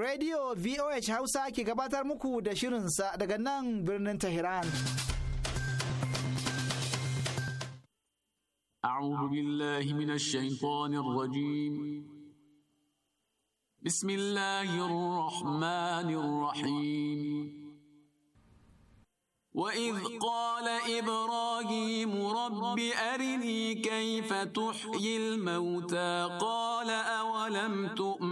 radio VOH hausa ke gabatar muku da shirinsa daga nan birnin tehran. a abu biillahi mina shimfonin rajim. bisimillahirrahmanirrahim. وإذ قال إبراهيم رب أرني كيف تحيي الموتى قال أولم تؤمن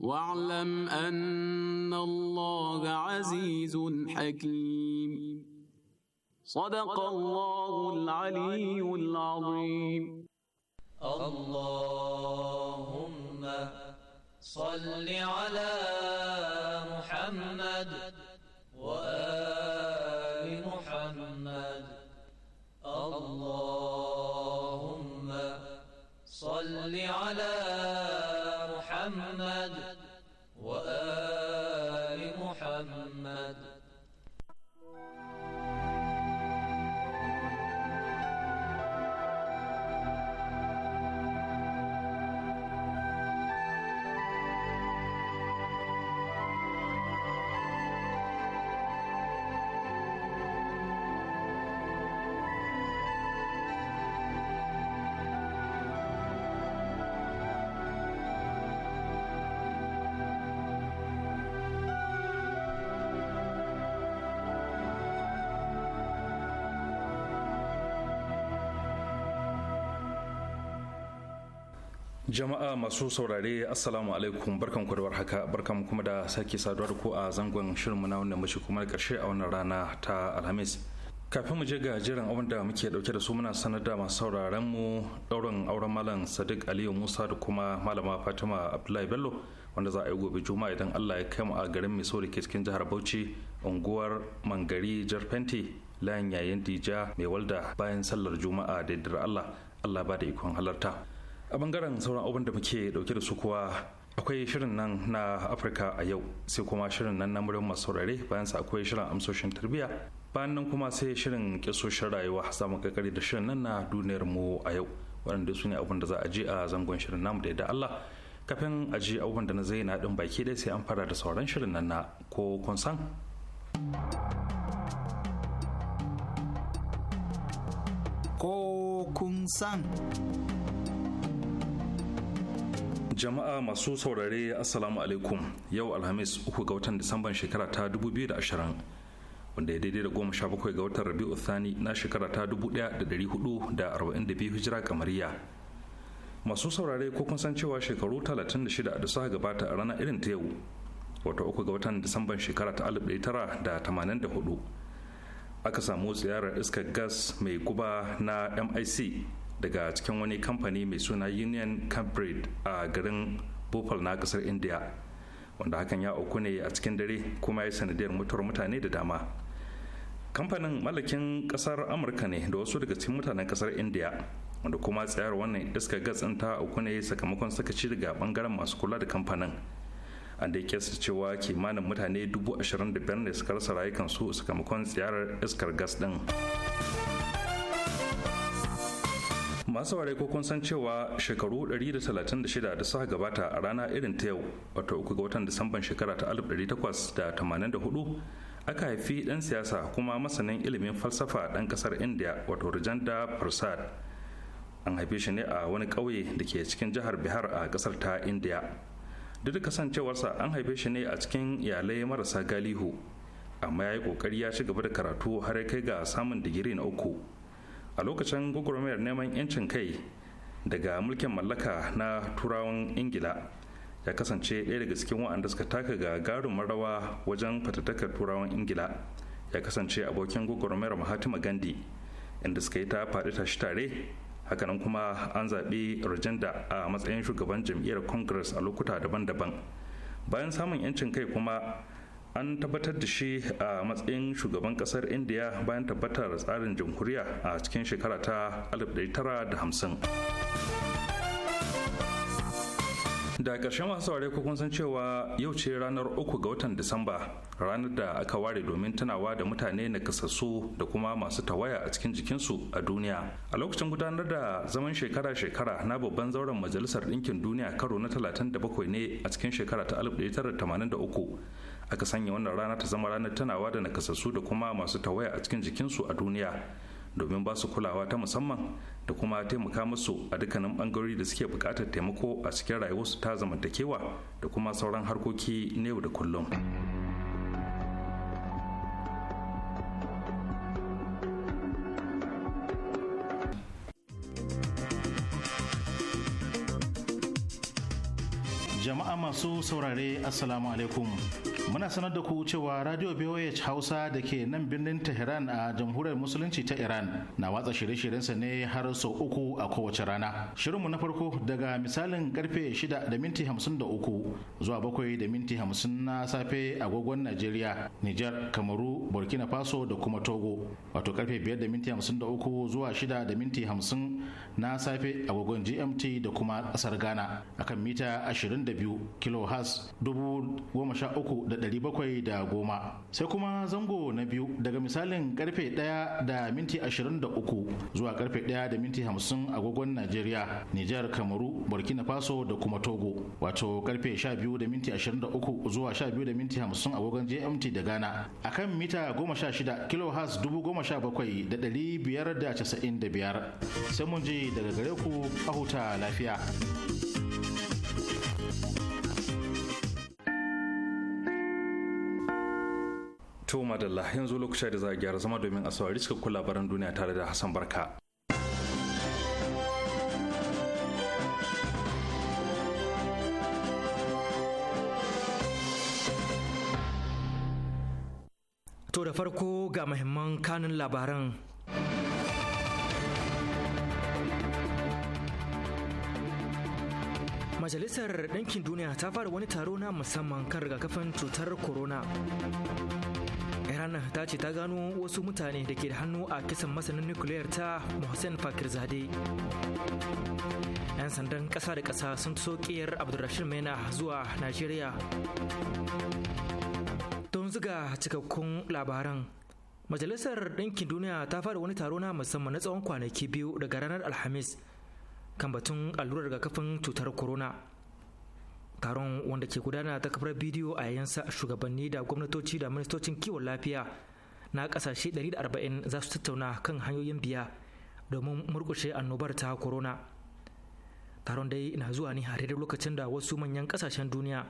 واعلم أن الله عزيز حكيم صدق الله العلي العظيم اللهم صل على محمد وآل محمد اللهم صل على محمد Jama'a masu saurare Assalamu alaikum barkan ku da warhaka barkan kuma da sake saduwa da ku a zangon shirinmu na wannan mace kuma karshe a wannan rana ta Alhamis. Kafin mu je ga jiran abin da muke dauke da su muna sanar da masu sauraren mu daurin auren malam Sadiq Aliyu Musa da kuma malama Fatima Abdullahi Bello wanda za a yi gobe Juma'a idan Allah ya kai mu a garin Miso da ke cikin jihar Bauchi unguwar Mangari Jarfenti layin yayin Dija mai walda bayan sallar Juma'a da Allah Allah ba da ikon halarta. a bangaren sauran abin da muke dauke da su kuwa akwai shirin nan na afirka a yau sai kuma shirin nan na murin masu saurare bayan sa akwai shirin amsoshin tarbiyya bayan nan kuma sai shirin kisoshin rayuwa za mu kakari da shirin nan na duniyar mu a yau waɗanda su ne abin da za a je a zangon shirin namu da yadda allah kafin a je abubuwan da na zai na ɗin baki dai sai an fara da sauran shirin nan na ko kun san ko kun san jama'a masu saurare assalamu alaikum yau alhamis uku ga watan disamban shekara ta 2020 wanda ya daidai da goma sha bakwai ga watan rabi'u thani na shekara ta 1442 hijira kamariya masu saurare ko kun san cewa shekaru 36 da suka gabata a ranar irin ta yau wata uku ga watan disamban shekara ta 1984 aka samu ziyarar iskar gas mai guba na mic daga cikin wani kamfani mai suna union cambridge a garin bhopal na kasar india wanda hakan ya auku ne a cikin dare kuma ya sanadiyar mutuwar mutane da dama kamfanin mallakin kasar amurka ne da wasu daga cikin mutanen kasar india wanda kuma tsayar wannan iska gas ɗin ta auku ne sakamakon ci daga bangaren masu kula da kamfanin an da kesa cewa kimanin mutane 25,000 ne suka rasa rayukansu sakamakon tsayar iskar gas ɗin. masu ware ko kun san cewa shekaru 136 da suka gabata a rana irin ta yau wata uku ga watan disamban shekara ta 1884 aka haifi dan siyasa kuma masanin ilimin falsafa dan kasar india wato rajanda prasad an haife shi ne a wani ƙauye da ke cikin jihar bihar a kasar ta india duk da kasancewarsa an haife shi ne a cikin iyalai marasa galihu amma ya yi ƙoƙari ya ci gaba da karatu har kai ga samun digiri na uku a lokacin gwagwarmayar neman 'yancin kai daga mulkin mallaka na turawan ingila ya kasance ɗaya daga cikin waɗanda suka taka ga garin marawa wajen fatattakar turawan ingila ya kasance abokin gwagwarmayar mahatima Gandi, inda suka yi ta faɗi ta shi tare hakanan kuma an zaɓi rajinda a matsayin shugaban jam'iyyar congress a lokuta daban-daban bayan samun 'yancin kai kuma an tabbatar da shi a matsayin shugaban kasar india bayan tabbatar tsarin jamhuriya a cikin shekara ta 1950 da ƙarshen masu saurare kun san cewa yau ce ranar uku ga watan disamba ranar da aka ware domin tunawa da mutane na kasassu da kuma masu tawaya a cikin jikinsu a duniya a lokacin gudanar da zaman shekara-shekara na babban zauren majalisar ɗinkin duniya karo na 37 ne a cikin shekara ta 1983 aka sanya wannan rana ta zama ranar tunawa da nakasassu da kuma masu tawaya a cikin jikinsu a duniya domin ba su kulawa ta musamman da kuma taimaka musu a dukkanin bangarori da suke bukatar taimako a cikin rayuwarsu ta zamantakewa da kuma sauran harkoki na yau da kullum. masu saurare assalamu alaikum muna sanar da ku cewa radio voh hausa da ke nan birnin tehran a jamhuriyar musulunci ta iran na watsa shirye-shiryensa ne har sau uku a kowace rana shirinmu na farko daga misalin karfe 6:53 da minti zuwa 7:50 da minti na safe agogon najeriya Niger, kamaru burkina faso da kuma togo wato karfe 5:53 da minti zuwa 6:50 da minti na safe agogon gmt da kuma kasar ghana akan mita 22 kilohertz dubu goma sha uku da ɗari bakwai da goma sai kuma zango na biyu daga misalin karfe ɗaya da minti ashirin da uku zuwa karfe ɗaya da minti hamsin agogon najeriya nijar kamaru burkina faso da kuma togo wato karfe sha biyu da minti ashirin da uku zuwa sha biyu da minti hamsin agogon gmt da ghana akan mita goma sha shida kilohertz dubu goma sha bakwai da ɗari biyar da casa'in da biyar sai mun ji daga gare ku a huta lafiya. to madalla yanzu lokaci da za a gyara zama domin a saurari cikakkun labaran duniya tare da hassan barka To da farko ga mahimman kanun labaran. Majalisar Ɗinkin Duniya ta fara wani taro na musamman kan rigakafin cutar corona. iran ta ce ta gano wasu mutane da ke da hannu a kisan masanin nukiliyar ta mohsen fakirzade 'yan sandan kasa da kasa sun kiyar abdulrashid mena zuwa nigeria. don zuga cikakkun labaran majalisar ɗinkin duniya ta fara wani taro na musamman na tsawon kwanaki biyu daga ranar alhamis kan batun allurar rigakafin cutar corona taron wanda ke gudana ta kafar bidiyo a sa shugabanni da gwamnatoci da ministocin kiwon lafiya na kasashe 140 za su tattauna kan hanyoyin biya domin murkushe annobar ta corona taron dai na zuwa ne a lokacin da wasu manyan kasashen duniya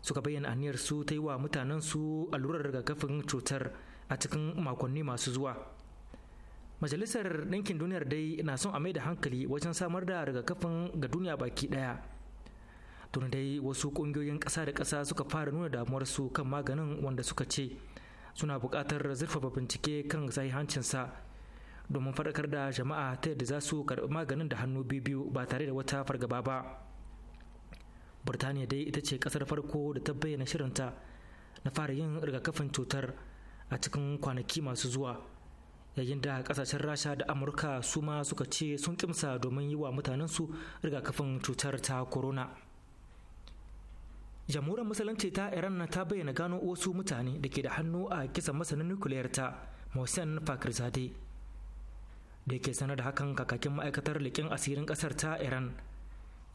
suka bayyana aniyar su ta yi wa mutanen su allurar rigakafin cutar a cikin makonni masu zuwa majalisar ɗinkin duniyar dai na son a mai da hankali wajen samar da rigakafin ga duniya baki ɗaya tun dai wasu kungiyoyin ƙasa da ƙasa suka fara nuna damuwarsu kan maganin wanda suka ce suna buƙatar zurfafa bincike kan sahihancinsa domin faɗakar da jama'a ta yadda za su karɓi maganin da hannu biyu ba tare da wata fargaba ba burtaniya dai ita ce ƙasar farko da ta bayyana shirinta na fara yin rigakafin cutar a cikin kwanaki masu zuwa yayin da ƙasashen rasha da amurka su ma suka ce sun kimsa domin yi wa mutanensu rigakafin cutar ta corona jamhuriyar musulunci ta iran ta bayyana gano wasu mutane da ke da hannu a kisan masanin nukiliyar ta mohsen fakirzade da ke sanar da hakan kakakin ma'aikatar likin asirin kasar ta iran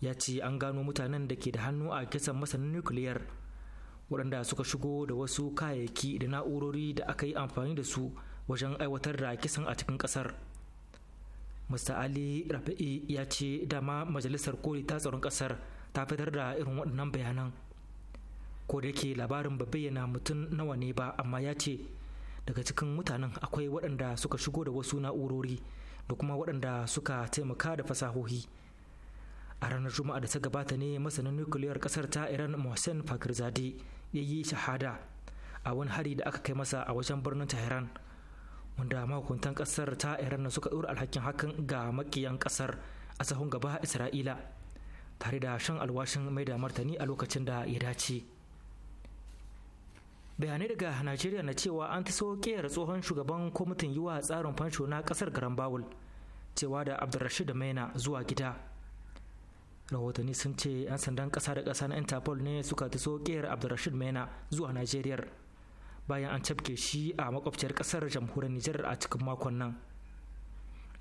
ya ce an gano mutanen da ke da hannu a kisan masanin nukiliyar waɗanda suka shigo da wasu kayayyaki da na'urori da aka yi amfani da su wajen aiwatar da kisan a cikin kasar mr ali rafi'i ya ce dama majalisar koli ta tsaron kasar ta fitar da irin waɗannan bayanan ko da yake labarin ba bayyana mutum nawa ne ba amma ya ce daga cikin mutanen akwai waɗanda suka shigo da wasu na'urori da kuma waɗanda suka taimaka da fasahohi a ranar juma'a da ta gabata ne masanin nukiliyar ƙasar ta iran mohsen fakirzade ya yi shahada a wani hari da aka kai masa a wajen birnin tehran wanda mahukuntan ƙasar ta iran suka ɗora alhakin hakan ga makiyan ƙasar a sahun gaba isra'ila tare da shan alwashin mai da martani a lokacin da ya dace. bayanai daga najeriya na cewa an ta kiyar tsohon shugaban kwamitin yiwa tsarin fansho na kasar garan bawul cewa da abdulrashid maina zuwa gida rahotanni sun ce 'yan sandan kasa da kasa na interpol ne suka ta kera abdulrashid maina zuwa najeriya bayan an cafke shi a makwabciyar kasar jamhuriyar nijar a cikin makon nan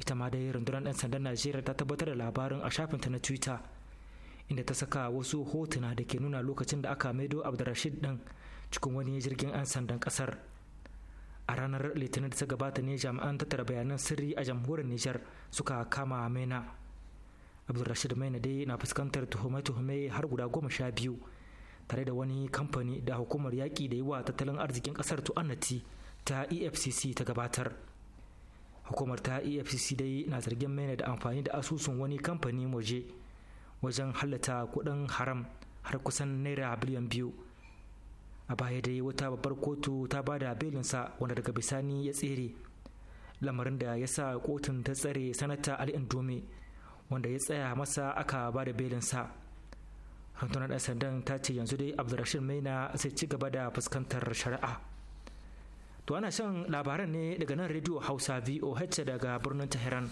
ita ma dai rundunar 'yan sandan najeriya ta tabbatar da labarin a shafinta na twitter inda ta saka wasu hotuna da ke nuna lokacin da aka maido abdulrashid din cikin wani jirgin 'yan sandan kasar a ranar litinin da ta gabata ne jami'an tattara bayanan sirri a jamhuriyar nijar suka kama maina abdulrashid maina dai na fuskantar tuhume-tuhume har guda goma sha biyu tare da wani kamfani da hukumar yaƙi da yi wa tattalin arzikin ƙasar tu'annati ta efcc ta gabatar hukumar ta efcc dai na zargin maina da amfani da asusun wani kamfani waje wajen hallata kuɗin haram har kusan naira biliyan biyu a baya dai wata babbar kotu ta ba da belinsa wanda daga bisani ya tsere lamarin da ya sa kotun ta tsare sanata ali indome wanda ya tsaya masa aka ba da belinsa rundunar ɗan sandan ta ce yanzu dai abdulrashid maina sai ci gaba da fuskantar shari'a to ana shan labaran ne daga nan rediyo hausa voh daga birnin tehran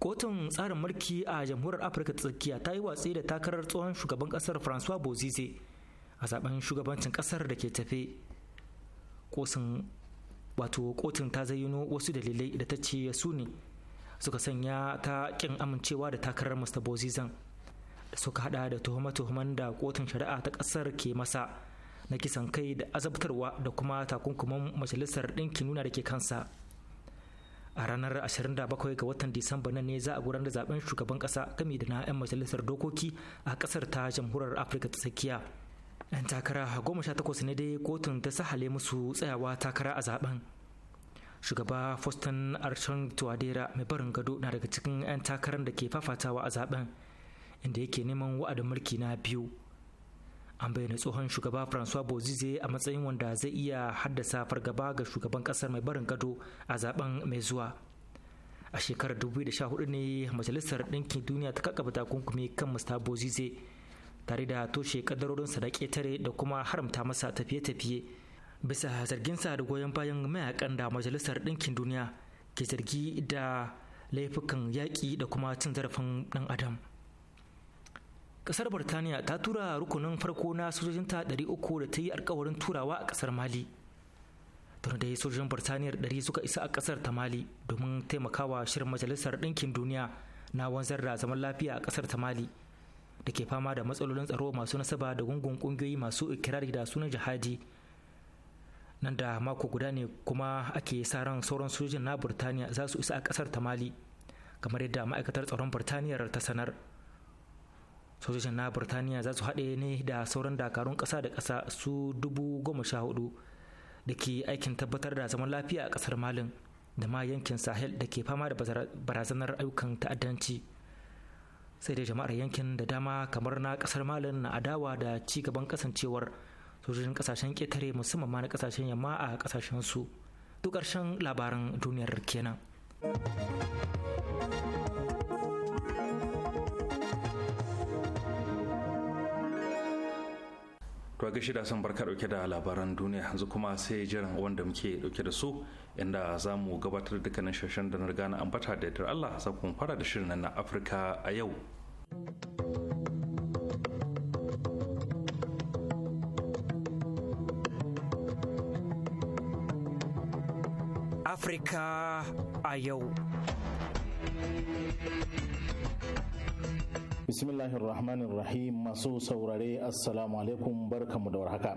kotun tsarin mulki a jamhuriyar afirka tsakiya ta yi watsi da takarar tsohon shugaban kasar francois bozize a zaben shugabancin kasar da ke tafe kosin wato kotun ta zayyano wasu dalilai da ta ce su ne suka sanya ta kin amincewa da takarar mr bozizan da suka hada da tuhuma tuhuman da kotun shari'a ta kasar ke masa na kisan kai da azabtarwa da kuma takunkuman majalisar ɗinkin nuna da ke kansa a ranar 27 ga watan disamba nan ne za a gudanar da zaben shugaban kasa gami da na 'yan majalisar dokoki a kasar ta jamhuriyar afirka ta tsakiya 'yan takara goma sha takwas ne dai kotun ta sahale musu tsayawa takara a zaben shugaba faustin arshon tuwadera mai barin gado na daga cikin 'yan takarar da ke fafatawa a zaben inda yake neman wa'adin mulki na biyu an bayyana tsohon shugaba francois bozize a matsayin wanda zai iya haddasa fargaba ga shugaban kasar mai barin gado a zaben mai zuwa a shekarar 2014 ne majalisar ɗinkin duniya ta kakaba takunkumi kan mr bozize tare da toshe kadarorinsa da ƙetare da kuma haramta masa tafiye-tafiye bisa zarginsa da goyon bayan mayakan da majalisar ɗinkin duniya ke zargi da laifukan yaƙi da kuma cin zarafin ɗan adam ƙasar birtaniya ta tura rukunin farko na sojojinta 300 da ta yi alkawarin turawa a ƙasar mali tun da sojojin birtaniyar ɗari suka isa a ƙasar ta mali domin taimakawa shirin majalisar ɗinkin duniya na wanzar da zaman lafiya a ƙasar ta mali da ke fama da matsalolin tsaro masu nasaba da gungun kungiyoyi masu ikirari da sunan jihadi nan da mako guda ne kuma ake sa ran sauran sojojin na burtaniya za su isa a kasar ta mali kamar yadda ma'aikatar tsaron burtaniya ta sanar sojojin na burtaniya za su haɗe ne da sauran dakarun ƙasa da ƙasa su dubu goma sha hudu da ke aikin tabbatar da zaman lafiya a ƙasar malin da ma yankin sahel da ke fama da barazanar ayyukan ta'addanci sai dai jama'ar yankin da dama kamar na kasar malin na adawa da ci gaban kasancewar sojojin kasashen ketare musamman ma na kasashen yamma a kasashen su duk karshen labaran duniyar kenan to ga shida son barka dauke da labaran duniya yanzu kuma sai jiran wanda muke dauke da su inda za mu gabatar dukkanin shashen da na riga na ambata da yadda Allah za ku fara da shirin na Afirka a yau. Afirka a yau. bismillahir rahmanir rahim masu saurare assalamu alaikum barkamu da warhaka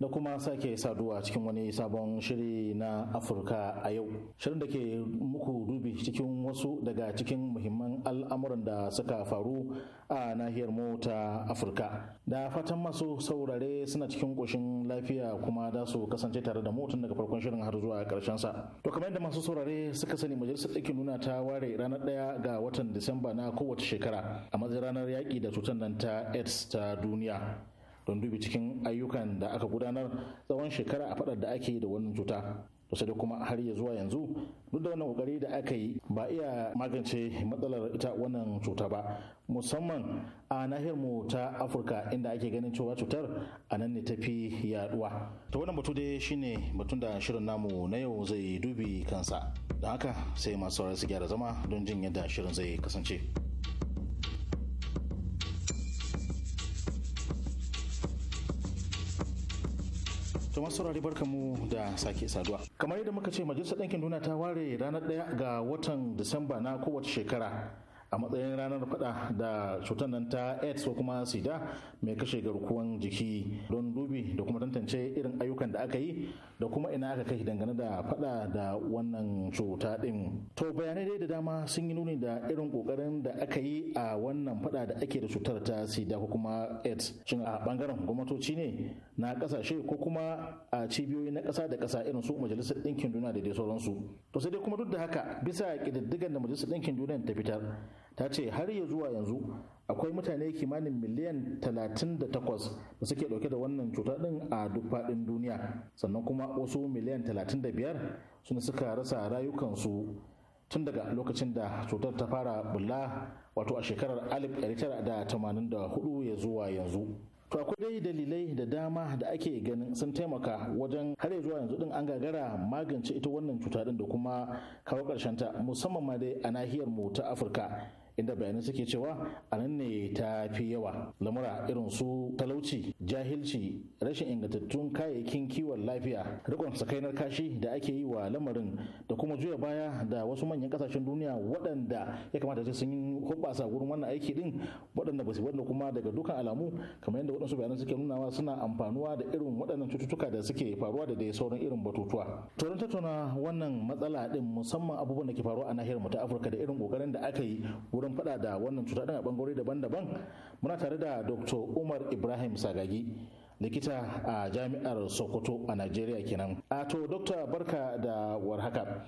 da kuma sake saduwa cikin wani sabon shiri na afirka a yau shirin da ke muku dubi cikin wasu daga cikin muhimman al'amuran da suka faru a nahiyar mota ta afirka da fatan masu saurare suna cikin ƙoshin lafiya kuma da su kasance tare da motun daga farkon shirin har zuwa ƙarshen sa to kamar yadda masu saurare suka sani majalisar ɗakin nuna ta ware ranar ɗaya ga watan disamba na kowace shekara a matsayin ranar yaƙi da cutar nan ta aids ta duniya don dubi cikin ayyukan da aka gudanar tsawon shekara a fadar da ake da wannan cuta to sai kuma har ya zuwa yanzu duk da wannan kokari da aka yi ba iya magance matsalar ita wannan cuta ba musamman a nahiyar mu ta afirka inda ake ganin cewa cutar a nan ne tafi yaduwa to wannan batu dai shine batun da shirin namu na yau zai dubi kansa don haka sai masu su gyara zama don jin yadda shirin zai kasance. kuma saurari barka mu da sake saduwa. Kamar yadda muka ce majalisar ɗinkin duniya ta ware ranar ɗaya ga watan Disamba na kowace shekara a matsayin ranar faɗa da cutar nan ta AIDS ko kuma sida mai kashe garkuwan jiki don dubi da kuma tantance irin ayyukan da aka yi da kuma ina aka kai dangane da faɗa da wannan cuta din. To bayanai dai da dama sun yi nuni da irin kokarin da aka yi a wannan faɗa da ake da cutar ta sida ko kuma AIDS shin a bangaren gwamnatoci ne na kasashe ko kuma a cibiyoyi na kasa da kasa irin su majalisar ɗinkin duniya da dai sauransu to sai dai kuma duk da haka bisa ƙididdigan da majalisar ɗinkin duniya ta fitar ta ce har ya zuwa yanzu akwai mutane kimanin miliyan 38 da suke dauke da wannan cutar din a duk faɗin duniya sannan kuma wasu miliyan 35 suna suka rasa rayukansu tun daga lokacin da cutar ta fara bulla wato a shekarar 1984 ya zuwa yanzu. To akwai dai dalilai da dama da ake ganin sun taimaka wajen har zuwa yanzu din an gagara magance ita wannan cuta din da kuma kawo karshen ta musamman ma dai a nahiyar mu ta Afirka inda bayanai suke cewa a nan ne ta fi yawa lamura irin su talauci jahilci rashin ingantattun kayayyakin kiwon lafiya rikon sakainar kashi da ake yi wa lamarin da kuma juya baya da wasu manyan kasashen duniya waɗanda ya kamata ce sun yi hoɓɓasa wurin wannan aiki din waɗanda ba su wanda kuma daga dukkan alamu kamar yadda waɗansu bayanan suke nunawa suna amfanuwa da irin waɗannan cututtuka da suke faruwa da dai sauran irin batutuwa to don tattauna wannan matsala din musamman abubuwan da ke faruwa a nahiyar mu ta Afirka da irin kokarin da aka yi wurin wurin fada da wannan cuta ɗin a bangarori daban-daban muna tare da dr umar ibrahim sagagi likita a jami'ar sokoto a najeriya kenan a to Dr. barka da warhaka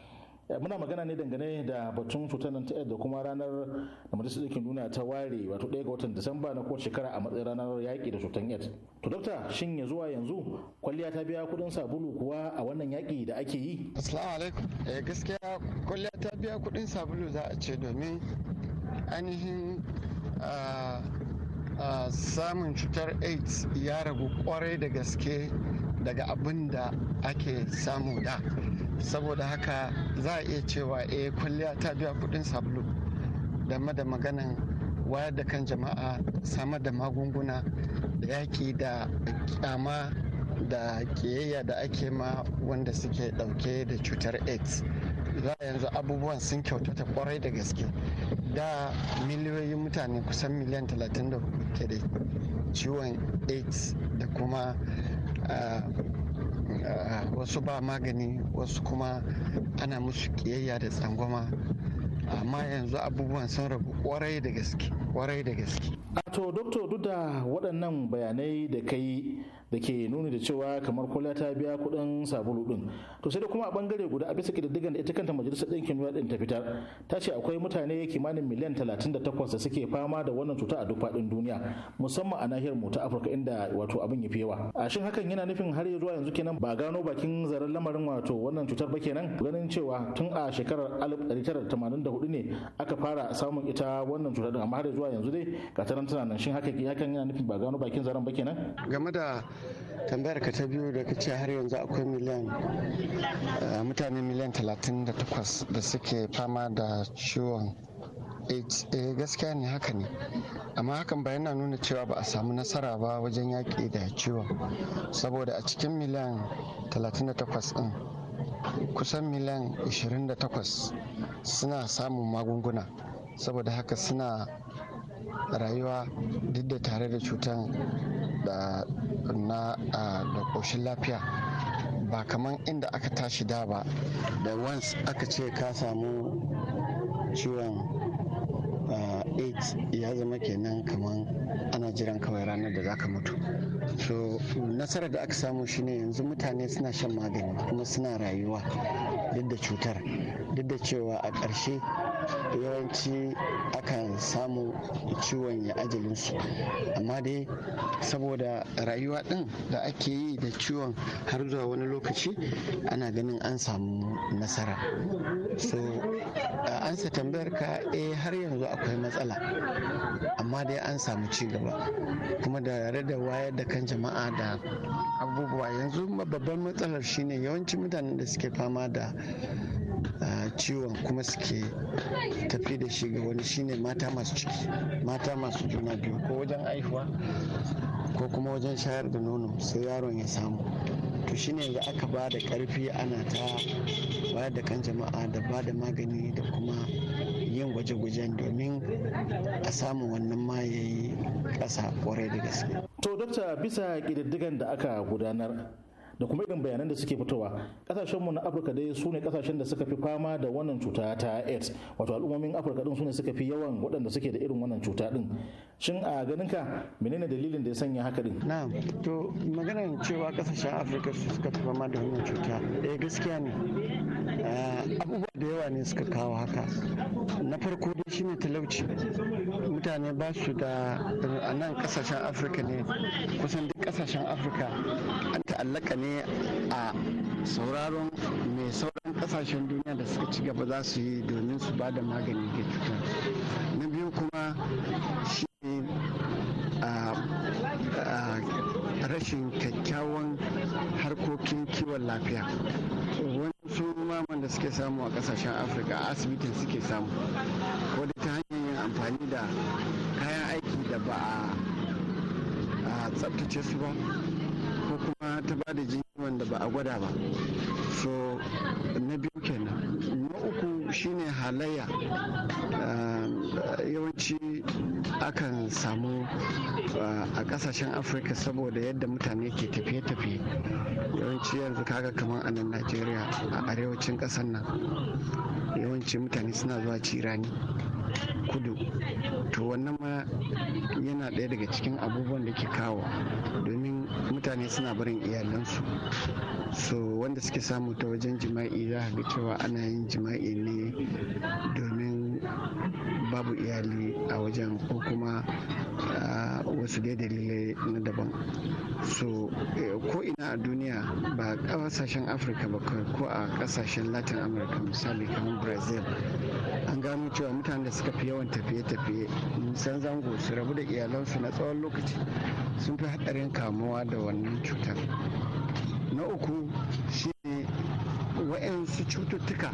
eh, muna magana ne dangane da batun cutar nan ta da kuma ranar da majalisar ɗinkin duniya ta ware wato ɗaya ga watan disamba na kowace shekara a matsayin ranar yaƙi da cutar aids to dokta shin ya zuwa yanzu kwalliya ta biya kuɗin sabulu kuwa a wannan yaƙi da ake yi assalamu alaikum eh gaskiya kwalliya ta biya kuɗin sabulu za a ce domin ainihin samun cutar aids ya ragu kwarai da gaske daga abin da ake samu da saboda haka za a iya cewa e, kwalliya ta biya kudin sabulu game da maganin wayar da kan jama'a samar da magunguna da yaƙi da kyama da ƙiyayya da ake ma wanda suke ɗauke da cutar aids za yanzu abubuwan sun kyautata kwarai da gaske da miliyoyin mutane kusan miliyan 34 ke da ciwon aids da kuma ah, ah, wasu ba magani wasu kuma ana musu kiyayya da tsangwama amma yanzu abubuwan sun rabu kwarai da gaske kwarai da gaske. to duk da waɗannan bayanai da kai da ke nuni da cewa kamar kula ta biya kuɗin sabulu ɗin to sai da kuma a bangare guda a bisa ƙididdigan da ita kanta majalisar ɗinkin yuwa ɗin ta fitar ta ce akwai mutane kimanin miliyan 38 da suke fama da wannan cuta a duk faɗin duniya musamman a nahiyar mu ta afirka inda wato abin ya fi yawa a shin hakan yana nufin har zuwa yanzu kenan ba gano bakin zaren lamarin wato wannan cutar ba kenan ganin cewa tun a shekarar 1984 ne aka fara samun ita wannan cutar amma har zuwa yanzu dai ga tana nan shin hakan yana nufin ba gano bakin zaren ba kenan game da tambayar ka ta biyu da kace har yanzu akwai miliyan eh, mutane miliyan 38 da suke fama da ciwon aids eh gaskiya ne haka ne amma hakan ba yana nuna cewa ba a samu nasara ba wajen yaƙi da ciwon saboda a cikin miliyan 38 ɗin kusan miliyan 28 suna samun magunguna saboda haka suna rayuwa duk da tare da cutan na da ƙoshin lafiya ba kamar inda aka tashi da ba da once aka ce ka samu ciwon aids ya zama kenan kamar ana jiran kawai ranar da zaka mutu so nasarar da aka samu shine yanzu mutane suna shan magani kuma suna rayuwa duk da cutar duk da cewa a ƙarshe yawanci akan samu ciwon ya ajalinsu amma dai saboda rayuwa ɗin da ake yi da ciwon har zuwa wani lokaci ana ganin an samu nasara so ansa tambayar ka eh har yanzu akwai matsala amma dai an samu ci gaba kuma da da wayar da kan jama'a da abubuwa yanzu babban matsalar shine yawancin mutanen da suke fama da ah, ciwon kuma suke tafi da shi ga wani shine mata masu ciki mata masu juna biyu ko wajen haihuwa ko kuma wajen shayar da nono sai yaron ya samu to shine yanzu aka ba da karfi ana ta bayar da kan jama'a da ba da magani da kuma yin gwaje-gwajen domin a samu wannan ma ya yi ƙasa kwarai da gaske. to dokta bisa ƙididdigan da aka gudanar da kuma irin bayanan da suke fitowa kasashen mu na afirka dai su ne kasashen da suka fi fama da wannan cuta ta aids wato al'ummomin afirka din su ne suka fi yawan waɗanda suke da irin wannan cuta din shin a ganin ka menene dalilin da ya sanya haka din na'am to magana cewa kasashen afirka su suka fi fama da wannan cuta eh gaskiya ne eh, abubuwa da yawa ne suka kawo haka na farko dai shine talauci mutane ba su da a nan kasashen afirka ne kusan duk kasashen afirka ta'allaka ne a sauraron mai sauran kasashen duniya da suka ci gaba za su yi domin su ba da magani ga cutar na biyu kuma shi a rashin kyakkyawan harkokin kiwon lafiya wasu maman da suke samu a kasashen afirka a asibitin suke samu wadda ta hanyar yin amfani da kayan aiki da ba a tsabtace su ba kuma ta ba da jini wanda ba a gwada ba so na biyu kenan na uku shine halayya ah, yawanci akan samu ah, a kasashen afirka saboda yadda mutane ke tafiye-tafiye yawanci yanzu kaga kamar a nan najeriya a arewacin kasar nan yawanci mutane suna zuwa cirani kudu to wannan ma yana ɗaya daga cikin abubuwan da ke kawo domin mutane suna barin iyalansu so wanda suke samu ta wajen jima'i za ga cewa ana yin jima'i ne domin babu iyali a wajen ko kuma wasu dai dalilai na daban so eh, ko ina a duniya ba kasashen afirka ba ko a kasashen latin amurka misali kamar brazil an gano cewa mutane da suka fi yawan tafiye-tafiye san zango su rabu da iyalansu na tsawon lokaci sun fi hadarin kamuwa da wannan cutar na uku shi ne wa'yansu cututtuka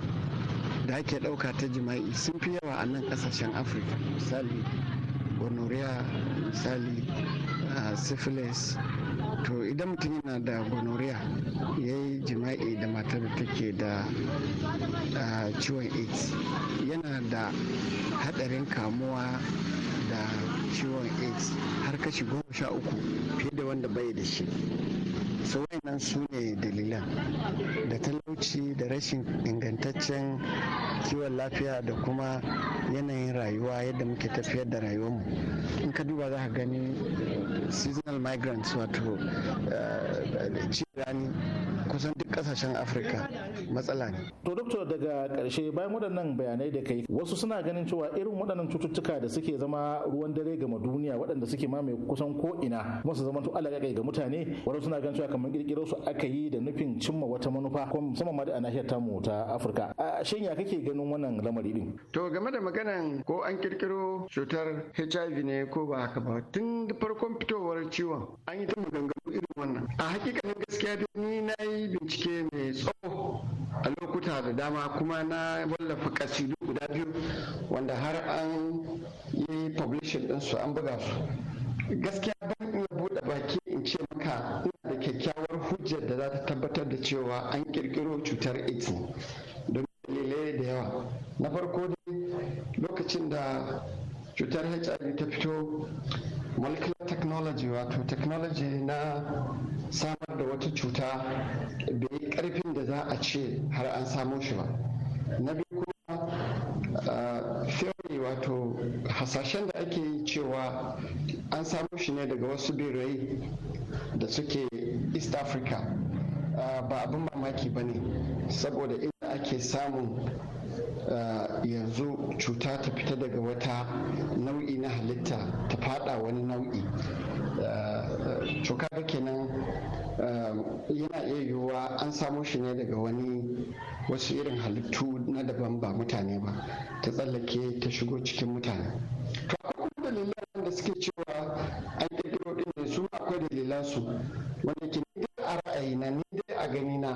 da ake ɗauka ta jima'i sun fi yawa a nan ƙasashen afirka misali gonorrhea misali syphilis to idan mutum yana da gonorrhea ya yi jima'i da matar da take da ciwon aids yana da haɗarin kamuwa da ciwon aids har kashi goma sha uku fiye da wanda bai da shi so nan su ne dalilan da talauci da rashin ingantaccen kiwon lafiya da kuma yanayin rayuwa yadda muke tafiyar da rayuwarmu in ka duba za ka gani seasonal migrants wato eh, rani kusan duk kasashen afirka matsala ne to doktor daga karshe bayan waɗannan bayanai da kai wasu suna ganin cewa irin waɗannan cututtuka da suke zama ruwan dare gama duniya waɗanda suke mamaye kusan ko ina kuma su zama to ga mutane wasu suna ganin cewa kamar kirkiro su aka yi da nufin cimma wata manufa kuma musamman ma da a nahiyar tamu ta Afirka. Shin ya kake ganin wannan lamari din? To game da maganan ko an kirkiro cutar HIV ne ko ba haka ba tun da farkon fitowar ciwon an yi ta maganganu irin wannan. A hakikanin gaskiya da ni na yi bincike mai tsawo a lokuta da dama kuma na wallafa kasidu guda biyu wanda har an yi publishing ɗinsu an buga su. gaskiya ban iya buɗe baki in ce maka ina da kyakkyawar hujjar da za ta tabbatar da cewa an ƙirƙiro cutar aids don dalilai da yawa na farko dai lokacin da cutar hiv ta fito molecular technology wato technology na samar da wata cuta da yi karfin da za a ce har an samo shi ba na biyu kuma ah, theory wato hasashen da ake yi cewa an samo shi ne daga wasu birrai da suke east africa ah, ba abin mamaki ba ne saboda inda ake samun ah, yanzu cuta ta fita daga wata nau'i na halitta ta fada wani nau'i cuka ah, kenan yana iya yiwuwa an samo shi ne daga wani wasu irin halittu na daban ba mutane ba ta tsallake ta shigo cikin mutane suke cewa an kirkiro din ne su akwai dalilan su wanda ke ni dai a na ni dai a gani na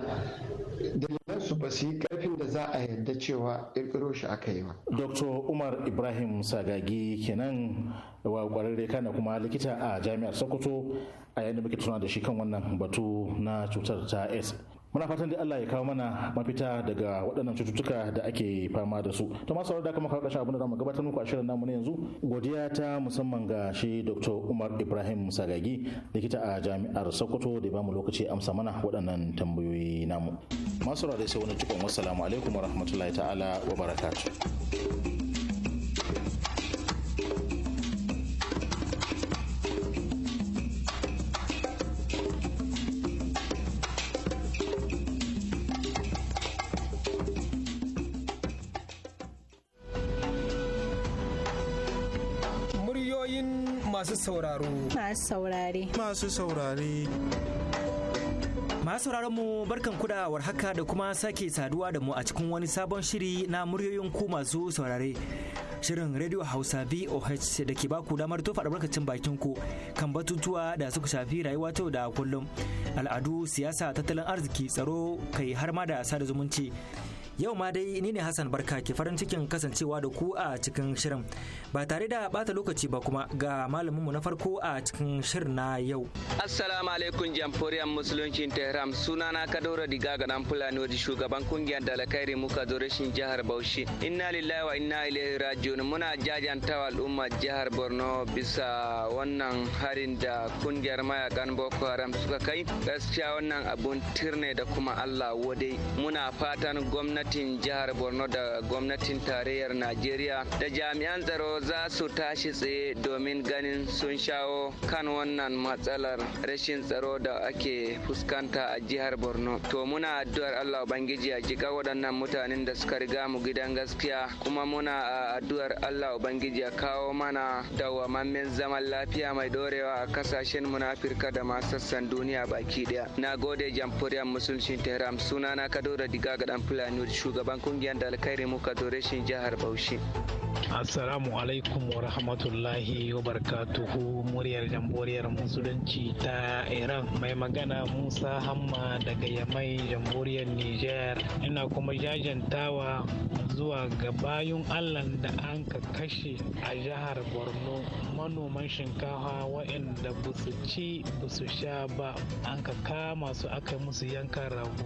dalilan su ba su yi karfin da za a yarda cewa kirkiro shi aka yi ba. Dr. Umar Ibrahim Sagagi kenan wa kwararre kana kuma likita a Jami'ar Sokoto a yadda muke tuna da shi kan wannan batu na cutar ta S. muna fatan da Allah ya kawo mana mafita daga waɗannan cututtuka da ake fama da su to masu da kuma karkashin abin da zamu gabatar muku a shirin namu na yanzu godiya ta musamman ga shi Dr. Umar Ibrahim Sagagi likita a Jami'ar Sokoto da ba mu lokaci amsa mana waɗannan tambayoyi namu masu da sai wani cikon wassalamu alaikum warahmatullahi ta'ala wa barakatuh masu sauraro. Masu saurare. Masu saurare. Masu mu barkan kuda warhaka da kuma sake saduwa da mu a cikin wani sabon shiri na muryoyin ku masu saurare. Shirin Radio Hausa VOH da ke baku damar tofa albarkacin bakin ku kan batutuwa da suka shafi rayuwa ta da kullum. Al'adu, siyasa, tattalin arziki, tsaro, kai har ma da sada zumunci. Yau ma dai ni ne Hassan Barka ke farin cikin kasancewa da ku a cikin shirin. Ba tare da bata lokaci ba kuma ga malaminmu na farko a cikin shirin na yau. Assalamu alaikum jamhuriyar musuluncin Tehran sunana kadora Diga ga dan Fulani wajen shugaban kungiyar da muka zo rashin jihar Bauchi. Inna lillahi wa inna ilaihi raji'un muna jajantawa al'umma jihar Borno bisa wannan harin da kungiyar mayakan Boko Haram suka kai. Gaskiya wannan abun tirne da kuma Allah wadai. Muna fatan gwamnati gwamnatin jihar borno da gwamnatin tarayyar najeriya da jami'an tsaro za su tashi tsaye domin ganin sun shawo kan wannan matsalar rashin tsaro da ake fuskanta a jihar borno to muna addu'ar allah ubangiji a jiga waɗannan mutanen da suka riga mu gidan gaskiya kuma muna addu'ar allah ubangiji a kawo mana dawwamammen zaman lafiya mai dorewa a kasashen mu na afirka da ma sassan duniya baki daya na gode jamhuriyar musulcin tehran sunana da diga ga dan fulani shugaban kungiyar da alkhairi muka dore shi jihar Bauchi. Assalamu alaikum wa rahmatullahi wa barakatuhu muryar jamhuriyar musulunci ta Iran mai magana Musa Hamma daga Yamai jamhuriyar Nijar ina kuma jajantawa zuwa ga bayun Allah da an ka kashe a jihar Borno manoman shinkafa waɗanda ba su ci ba su sha ba an ka kama su aka musu yankan rago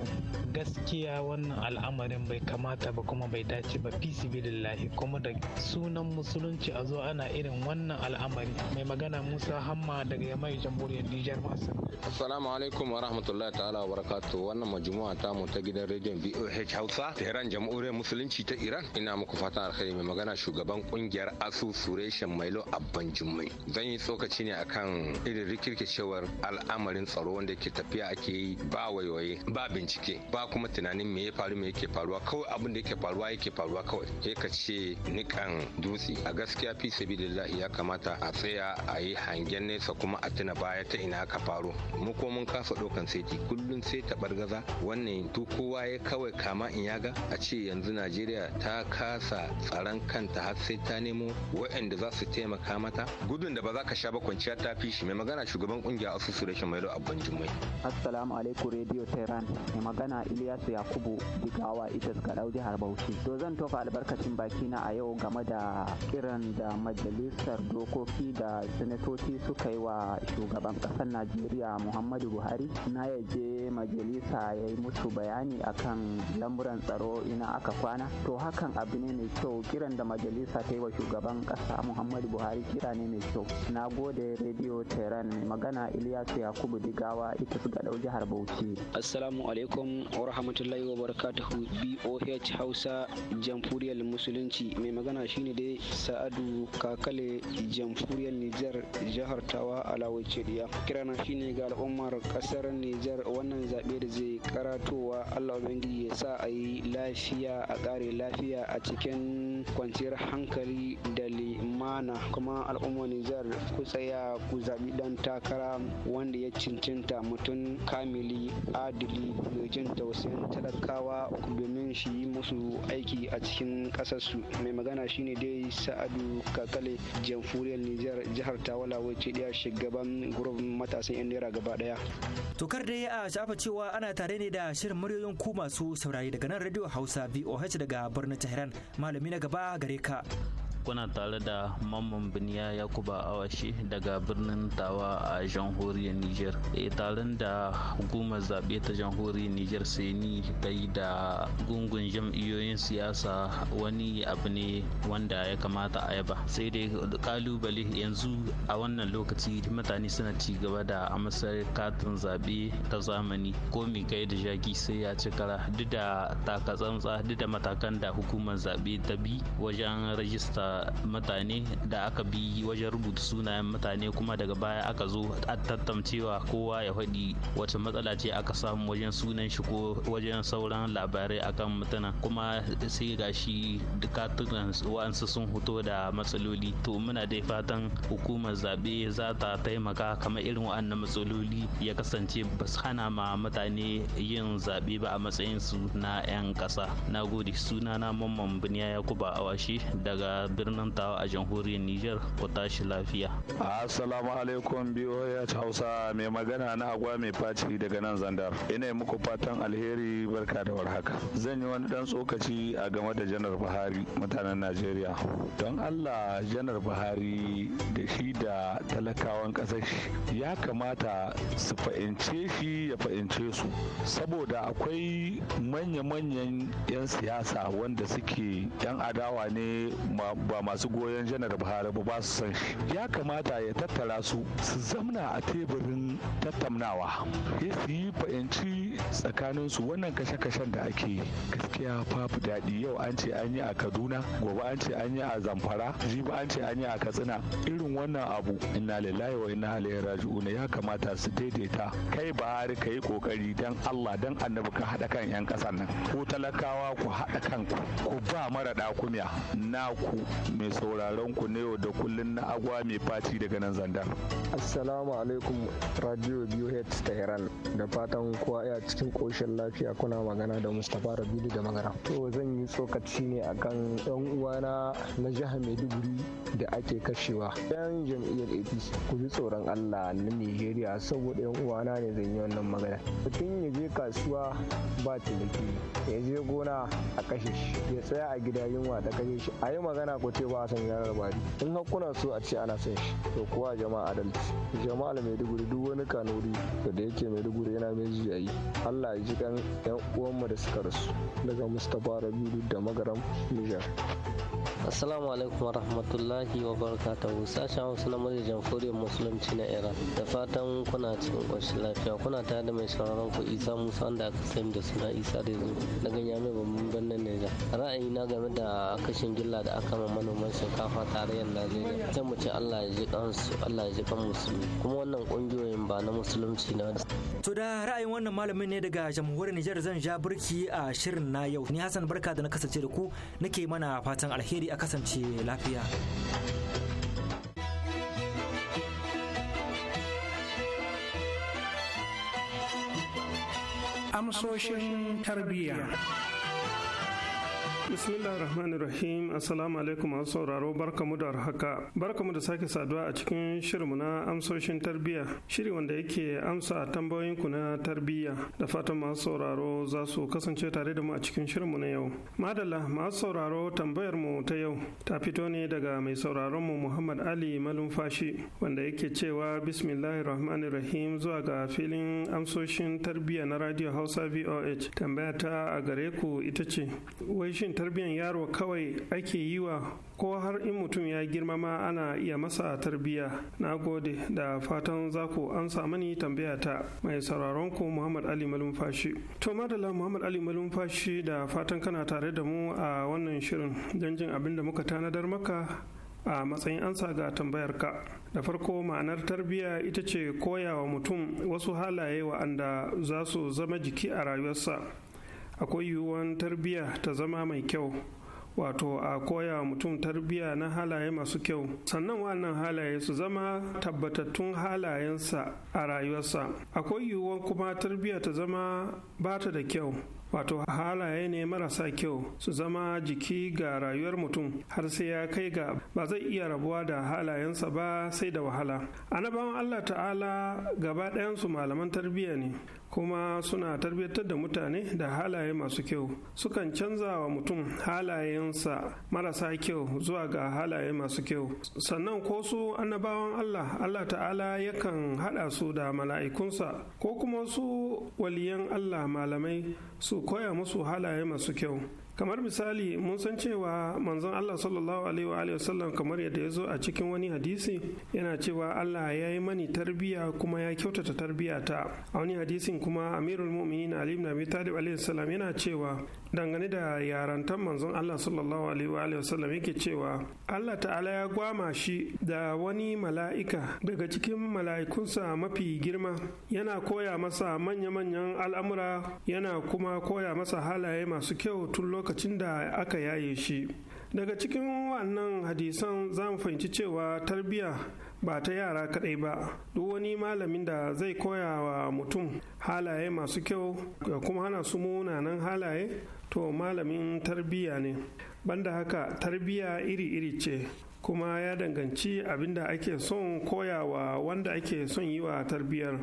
gaskiya wannan al'amarin hakan bai kamata ba kuma bai dace ba fisi sibilillahi kuma da sunan musulunci a zo ana irin wannan al'amari mai magana musa hamma daga yamai jamhuriyar nijar masu assalamu alaikum wa rahmatullahi ta'ala wa barakatu wannan majmu'a ta mu ta gidan rediyon boh hausa tehran jamhuriyar musulunci ta iran ina muku fatan alkhairi mai magana shugaban kungiyar asu sureshen mailo abban jummai zan yi tsokaci ne akan irin rikirkicewar al'amarin tsaro wanda ke tafiya ake yi ba waiwaye ba bincike ba kuma tunanin me ya faru me yake faru faruwa kawai abin da yake faruwa yake faruwa kawai sai ka ce nikan dutse a gaskiya fi sabilillahi ya kamata a tsaya a yi hangen nesa kuma a tuna baya ta ina aka faru. mu ko mun kasa ɗaukan saiti kullum sai ta bargaza wannan duk kowa ya kawai kama in yaga a ce yanzu najeriya ta kasa tsaron kanta har sai ta nemo waɗanda za su taimaka mata gudun da ba za ka sha ba kwanciya ta fi shi mai magana shugaban kungiya asusu rashin mailo abban jummai assalamu alaikum radio tehran mai magana iliyasu yakubu digawa Shaskarau jihar Bauchi. To zan tofa albarkacin baki na a yau game da kiran da majalisar dokoki da sanatoci suka yi wa shugaban ƙasar Najeriya Muhammadu Buhari na ya je majalisa ya yi musu bayani akan lamuran tsaro ina aka kwana. To hakan abu ne mai kyau kiran da majalisa ta yi wa shugaban ƙasa Muhammadu Buhari kira ne mai kyau. Na gode rediyo Tehran mai magana Ilyasu Yakubu Digawa ita su ga jihar Bauchi. Assalamu alaikum wa rahmatullahi wa barakatuhu boh hausa jamhuriyar musulunci mai magana shine dai sa'adu kakale jamhuriyar nijar jihar tawa alawai cediya kirana shine ga al'ummar kasar nijar wannan zaɓe da zai karatowa allah ubangiji ya sa a yi lafiya a ƙare lafiya a cikin kwanciyar hankali da limana kuma al'ummar nijar ku tsaya ku zaɓi ɗan takara wanda ya cincinta mutum kamili adili mai jin tausayin talakawa domin shi yi musu aiki a cikin kasarsu mai magana shine dai sa'adu kakale jamfuriyar nijar jihar tawala wacce ɗaya shugaban gurub matasan yan naira gaba ɗaya. tokar dai a shafa cewa ana tare ne da shirin muryoyin ku masu saurari daga nan radio hausa voh daga birnin tehran malami na gaba gare ka. kuna tare da mamman biniya yakuba awashi daga birnin tawa a jamhuriyar niger e eh, taron da hukumar zaɓe ta jamhuriyar niger seni ta yi da gungun jam'iyyoyin siyasa wani abu ne wanda ya kamata a yaba sai dai kalubale yanzu a wannan lokaci mutane suna ci gaba da amsar katin zaɓe ta zamani ko mai kai da jaki sai ya ci kara duk da takatsantsa duk da matakan da hukumar zaɓe ta bi wajen rajista mutane da aka bi wajen rubuta sunayen mutane kuma daga baya aka zo a tattamcewa kowa ya faɗi wacce matsala ce aka samu wajen sunan shi ko wajen sauran labarai akan mutuna kuma sai gashi dukatunan wa'ansu sun hoto da matsaloli to muna dai fatan hukumar zaɓe za ta taimaka kamar irin wa'annan matsaloli ya kasance ba su hana ma mutane yin zaɓe ba a su na 'yan ƙasa na gode sunana mamman biniya yakuba awashe daga birnin tawa a jamhuriyar niger ku tashi lafiya assalamu alaikum biyoya hausa mai magana na agwa mai faci daga nan zandar ina yi muku fatan alheri barka da warhaka zan yi wani dan tsokaci a game da janar buhari mutanen najeriya don allah janar buhari da shi da talakawan kasar shi ya kamata su fahimce shi ya fahimce su saboda akwai manya-manyan 'yan siyasa wanda suke 'yan adawa ne ba masu goyon janar buhari ba su san shi ya kamata ya tattara su su zamna a teburin tattaunawa ya su yi fahimci tsakanin su wannan kashe-kashen da ake gaskiya fafi daɗi yau an ce an yi a kaduna gobe an ce an yi a zamfara jibi an ce an yi a katsina irin wannan abu inna lillahi wa inna ilaihi raji'un ya kamata su daidaita kai buhari ka yi kokari dan allah dan annabi ka haɗa kan yan ƙasar nan ko talakawa ku haɗa kanku ku ba mara ɗakumiya ku. mai sauraron ku ne da kullun na agwa mai fati daga nan zanda. Assalamu alaikum Radio Biohead Tehran da fatan kowa ya cikin koshin lafiya kuna magana da Mustapha Rabidu da magana. To zan yi tsokaci ne akan 'yan uwana na jihar Maiduguri da ake kashewa. Yan jam'iyyar APC ku ji tsoron Allah na Nigeria saboda yan uwana ne zan yi wannan magana. Mutum ya je kasuwa ba ciniki ya je gona a kashe shi ya tsaya a gida yunwa ta kashe shi a yi magana ku ce ba san yaran rabari in har kuna so a ce ana son shi to kuwa jama'a adalci jama'a da maiduguri duk wani kanuri da yake maiduguri yana mai yi. allah ya ji kan yan uwanmu da suka rasu daga mustapha rabiu da magaram nijar Assalamu alaikum warahmatullahi wabarakatuhu sashen hausa na murya jamhuriyar musulunci na Iran da fatan kuna cikin ƙoshin lafiya kuna tare da mai sauraron ku Isa Musa da aka sani da suna Isa da yanzu daga Yamai babban birnin Nijar ra'ayi na game da kashin gilla da aka mamma manoman shinkafa tarayyar najeriya sai mu ce allah ya ji kansu allah ya ji kan musulmi kuma wannan kungiyoyin ba na musulunci na to da ra'ayin wannan malamin ne daga jamhuriyar nijar zan ja birki a shirin na yau ni hassan barka da na kasance da ku nake mana fatan alheri a kasance lafiya amsoshin tarbiyya bismillah rahman rahim assalamu alaikum masu sauraro barkamu da haka barkamu da sake saduwa a cikin shirinmu na amsoshin tarbiyya shiri wanda yake amsa tambayoyin ku na tarbiyya da fatan masu sauraro za su kasance tare da mu a cikin shirinmu na yau madalla masu sauraro tambayar mu ta yau ta fito ne daga mai sauraron mu muhammad ali malumfashi wanda yake cewa bismillahir rahmanir rahim zuwa ga filin amsoshin tarbiyya na radio hausa voh tambaya ta a gare ku ita ce wai shin tarbiyyar yaro kawai ake yi wa ko har in mutum ya girma ma ana iya masa tarbiyya na gode da fatan za ku an mani tambaya ta mai sauraron ku muhammad ali malumfashi to madala muhammad ali malumfashi da fatan kana tare da mu a wannan shirin don jin abin da muka tanadar maka a matsayin ansa ga tambayar ka da farko ma'anar tarbiyya ita ce koyawa mutum wasu halaye wa'anda za su zama jiki a rayuwarsa akwai yiwuwan tarbiyya ta zama mai kyau wato a koya mutum tarbiyya na halaye masu kyau sannan wannan halaye su zama tabbatattun halayensa a rayuwarsa akwai yiwuwan kuma tarbiyya ta zama bata da kyau wato halaye ne marasa kyau su zama jiki ga rayuwar mutum har sai ya kai ga ba zai iya rabuwa da halayensa ba sai da wahala annabawan allah ta'ala gaba ɗayansu malaman tarbiyya ne kuma suna tarbiyyantar da mutane da halaye masu kyau sukan canza wa mutum halayensa marasa kyau zuwa ga halaye masu kyau sannan ko su annabawan Allah Allah ta'ala yakan haɗa su da mala'ikunsa ko kuma su waliyan Allah malamai su koya musu halaye masu kyau kamar misali mun san cewa manzon Allah sallallahu alaihi wa kamar yadda ya zo a cikin wani hadisi yana cewa Allah ya yi mani tarbiya kuma ya kyautata tarbiya ta a wani hadisin kuma Amirul Mu'minin Ali ibn Abi Talib alaihi yana cewa dangane da yarantan manzon Allah sallallahu alaihi wa yake cewa Allah ta'ala ya gwama shi da wani mala'ika daga cikin mala'ikunsa mafi girma yana koya masa manya-manyan al'amura yana kuma koya masa halaye masu kyau tun lokacin lokacin da aka yaye shi daga cikin wannan hadisan za mu fahimci cewa tarbiyya ba ta yara kaɗai ba duk wani malamin da zai koya wa mutum halaye masu kyau da kuma hana su munanan halaye to malamin tarbiyya ne banda haka tarbiyya iri-iri ce kuma ya danganci abinda ake son koya wa wanda ake son yi wa tarbiyyar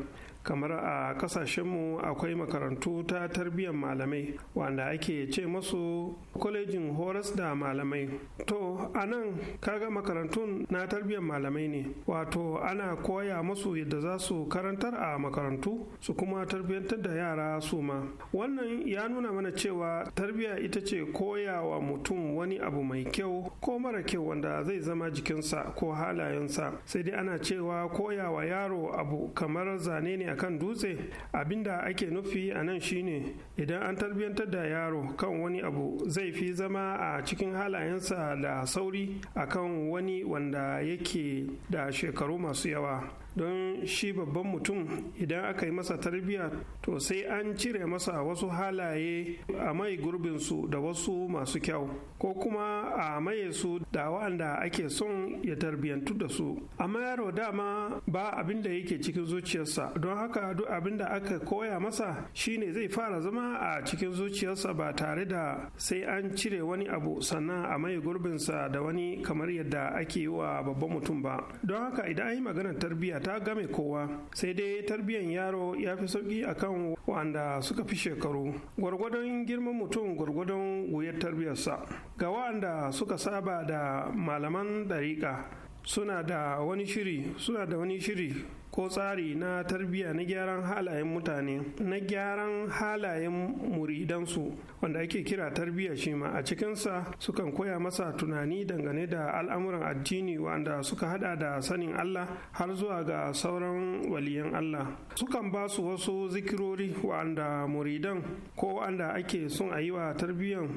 kamar a kasashenmu akwai makarantu ta tarbiyyar malamai wanda ake ce masu kwalejin horas da malamai to a nan kaga makarantun na tarbiyyar malamai ne wato ana koya masu yadda za su karantar a makarantu su kuma tarbiyyantar da yara su ma wannan ya nuna mana cewa tarbiyya ita ce koyawa mutum wani abu mai kyau ko mara kyau wanda zai zama jikinsa ko halayensa sai dai ana cewa koyawa yaro abu kamar zane ne a kan dutse abinda ake nufi a nan shine idan an tarbiyantar da yaro kan wani abu zai fi zama a cikin halayensa da sauri akan wani wanda yake da shekaru masu yawa don shi babban mutum idan aka yi masa tarbiyya to sai an cire masa wasu halaye a mai gurbinsu da wasu masu kyau ko kuma a maye su da wanda ake son ya tarbiyyantu da su amma yaro dama ba abin da yake cikin zuciyarsa don haka duk abin da aka koya masa shine zai fara zama a cikin zuciyarsa ba tare da sai an cire wani abu sannan a mai gurbinsa da wani kamar yadda ake yi wa babban mutum ba don haka idan an yi maganar tarbiyya ta game kowa sai dai tarbiyyar yaro ya fi sauki kan wanda suka fi shekaru gwargwadon girman mutum gwargwadon wuyar tarbiyarsa ga wa'anda suka saba da malaman dariƙa. suna da wani shiri suna da wani shiri ko tsari na tarbiyya na gyaran halayen mutane na gyaran halayen muridansu wanda ake kira tarbiyya shi ma a cikinsa sukan koya masa tunani dangane da al'amuran addini wanda suka hada da sanin Allah har zuwa ga sauran waliyan Allah sukan ba su wasu zikirori wa'anda muridan ko wa'anda ake son a yi wa tarbiyyan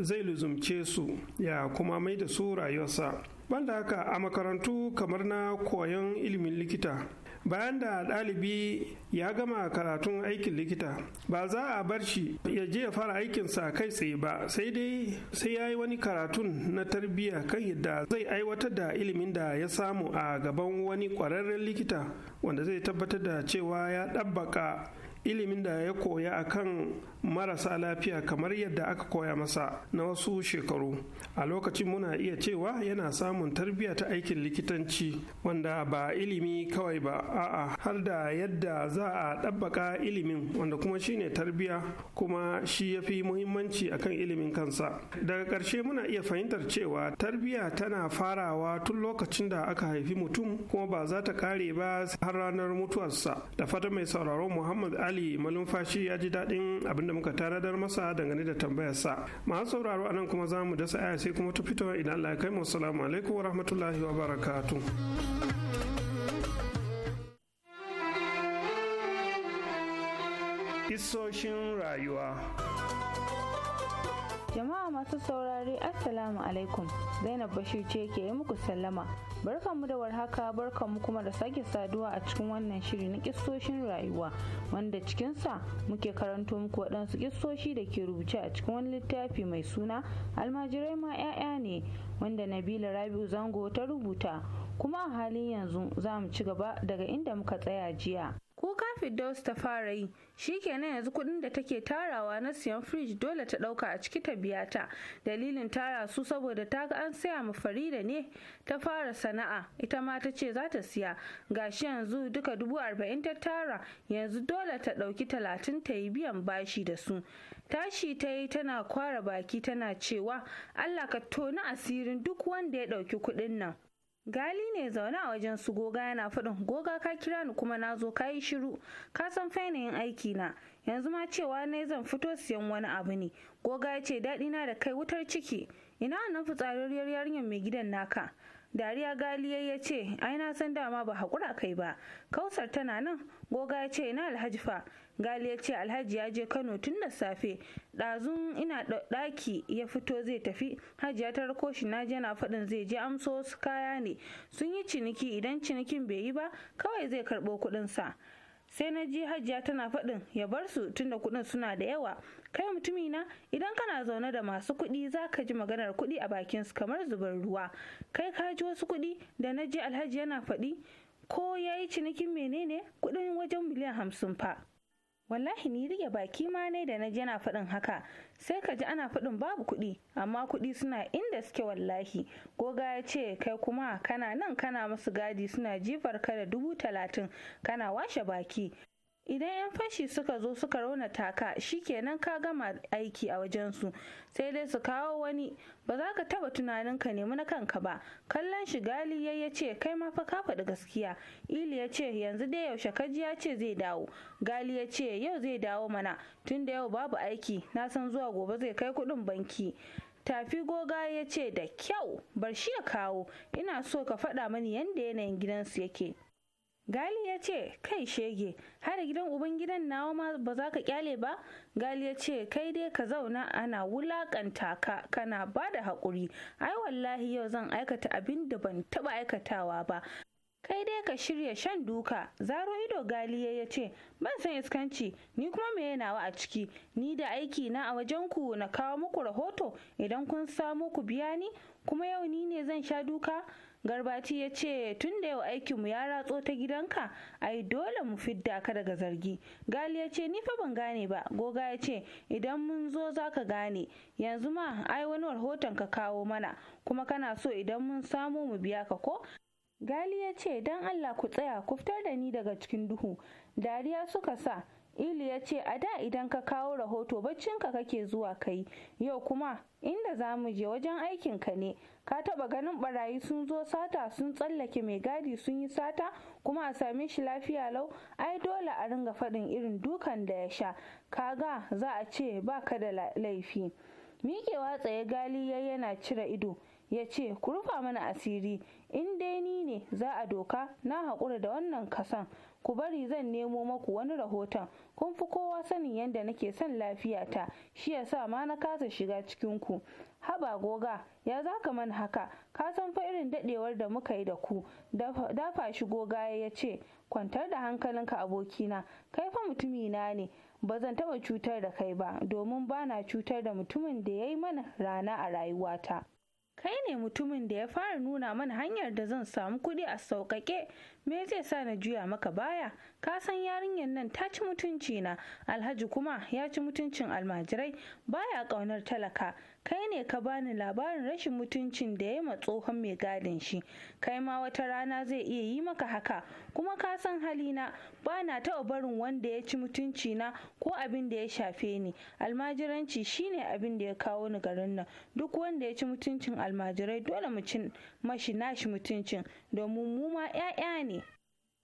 zai luzumce su ya kuma mai da su rayuwarsa banda haka a makarantu kamar na koyon ilimin likita bayan da ɗalibi ya gama karatun aikin likita ba za a bar shi ya je ya fara aikin sa kai tsaye ba sai dai sai ya yi wani karatun na tarbiyya kan yadda zai aiwatar da ilimin da ya samu a gaban wani ƙwararren likita wanda zai tabbatar da cewa ya ɗabbaka ilimin da ya koya a kan marasa lafiya kamar yadda aka koya masa na wasu shekaru a lokacin muna iya cewa yana samun tarbiyya ta aikin likitanci wanda ba ilimi kawai ba a'a har da yadda za a ɗabbaka ilimin wanda kuma shine tarbiyya kuma shi ya fi muhimmanci kan ilimin kansa daga ƙarshe muna iya fahimtar cewa tarbiyya tana farawa tun lokacin da aka haifi mutum kuma ba za ta kare ba har ranar mutuwarsa da fata mai sauraro muhammad ali malumfashi ya ji daɗin abin da muka tanadar masa dangane da tambayarsa masu sauraro anan kuma za mu dasa aya sai kuma ta fitowa idan allah ya kai mu assalamu alaikum wa rahmatullahi wa Isoshin rayuwa Jama'a masu saurari Assalamu alaikum Zainab Bashir ce ke yi muku sallama mu da warhaka mu kuma da sake saduwa a cikin wannan shiri na kistoshin rayuwa wanda cikinsa muke karanto muku waɗansu kistoshi da ke rubuce a cikin wani littafi mai suna almajirai ma 'ya'ya ne wanda nabila rabiu zango ta rubuta kuma a halin yanzu za mu ci gaba daga inda muka tsaya jiya kuka fidos ta fara yi shi kenan yanzu kudin da take tarawa na siyan firij dole ta dauka a ciki ta biya ta dalilin tara su saboda ta ga an saya ma Farida ne ta fara sana'a ita ma ta ce za ta siya gashi yanzu duka dubu arba'in ta tara yanzu dole ta ɗauki talatin ta yi biyan bashi da su tashi ta yi tana kwara baki tana cewa allah ka tona asirin duk wanda ya ɗauki kuɗin nan gali ne zaune a wajen su goga yana faɗin goga ka kira ni kuma na zo ka yi shiru ka san fainayin aiki na yanzu ma cewa ne zan fito siyan wani abu ne goga ya ce daɗi na da kai wutar ciki ina nan fitsararriyar yarinyar mai gidan naka dariya galiya ya ce ai na san dama ba haƙura kai ba kausar tana nan goga ya ce na alhaji fa gali ya ce alhaji ya je kano tun da safe ɗazun ina ɗaki ya fito zai tafi hajiya ta rako shi na je na faɗin zai je amso su kaya ne sun yi ciniki idan cinikin bai yi ba kawai zai karɓo kuɗinsa. sa sai na ji hajiya tana faɗin ya bar su tunda kuɗin suna da yawa kai mutumina idan kana zaune da masu kuɗi za ka ji maganar kuɗi a bakin su kamar zubar ruwa kai ka ji wasu kuɗi da na ji alhaji yana faɗi ko ya yi cinikin menene kuɗin wajen miliyan hamsin fa wallahi ni rike baki ma ne da na ji na faɗin haka sai ka ji ana faɗin babu kuɗi amma kuɗi suna inda suke wallahi goga ya ce kai kuma kana nan kana musu gadi suna jifar ka da dubu talatin kana washe baki idan 'yan fashi suka zo suka raunata ka kenan ka gama aiki a wajensu sai dai su kawo wani ba za ka taba tunanin ka nemi na kanka ba kallon shi gali ya ce kai ma fa ka faɗi gaskiya ili ya ce yanzu dai yaushe kaji ya ce zai dawo gali ya ce yau zai dawo mana tun da yau babu aiki na san zuwa gobe zai kai kuɗin banki tafi goga ya ce da kyau bar shi ya kawo ina so ka faɗa mani yanda yanayin gidansu yake gali ya ce kai shege har gidan uban gidan nawa ma ba za ka kyale ba gali ya ce kai dai ka zauna ana wulakanta ka kana ba da haƙuri ai wallahi yau zan aikata abin da ban taɓa aikatawa ba kai dai ka shirya shan duka zaro ido galiya ya ce ban san iskanci ni kuma me nawa a ciki ni da aiki na a wajen ku na kawo muku rahoto idan kun samu ku biya ni kuma yau ni ne zan sha duka garbati ya ce tun da yau aikinmu ya ratso ta gidanka ai dole mu fidda ka daga zargi gali ya ce ni fa ban gane ba goga ya ce idan mun zo za ka gane yanzu ma ai wani rahoton ka kawo mana kuma kana so idan mun samu mu biya ka ko gali ya ce don allah ku tsaya ku fitar da ni daga cikin duhu dariya suka sa Ili ya ce a da idan ka kawo rahoto baccinka kake zuwa kai yau kuma inda za mu je wajen aikin ka ne ka taba ganin barayi sun zo sata sun tsallake mai gadi sun yi sata kuma a same shi lafiya lau ai dole a ringa faɗin irin dukan da ya sha kaga za a ce ba ka da laifi miƙewa tsaye gali ya yana cire ido ya ce ku rufa mana asiri in dai ni ne za a doka na haƙura da wannan kasan ku bari zan nemo maku wani rahoton kun fi kowa sanin yadda nake son lafiyata shi yasa ma na kasa shiga cikin ku haba goga ya za ka man haka ka san fa irin daɗewar da muka yi da ku dafa shi goga ya ce kwantar da hankalinka abokina kai fa mutumina ne ba zan taɓa cutar da kai ba domin ba na cutar da mutumin da ya yi mana rana a rayuwata kai ne mutumin da ya fara nuna mana hanyar da zan samu kuɗi a sauƙaƙe me zai sa na juya maka baya ka san yarinyar nan ta ci mutunci na alhaji kuma ya ci mutuncin almajirai baya ƙaunar talaka kai ne ka bani labarin rashin mutuncin da ya ma tsohon mai gadin shi kai ma wata rana zai iya yi maka haka kuma ka san halina ba na taɓa barin wanda ya ci mutunci na ko abin da ya shafe ni almajiranci shine abin da ya kawo ni garin nan duk wanda ya ci mutuncin almajirai dole mu ci mashi nashi mutuncin domin mu ma 'ya'ya ne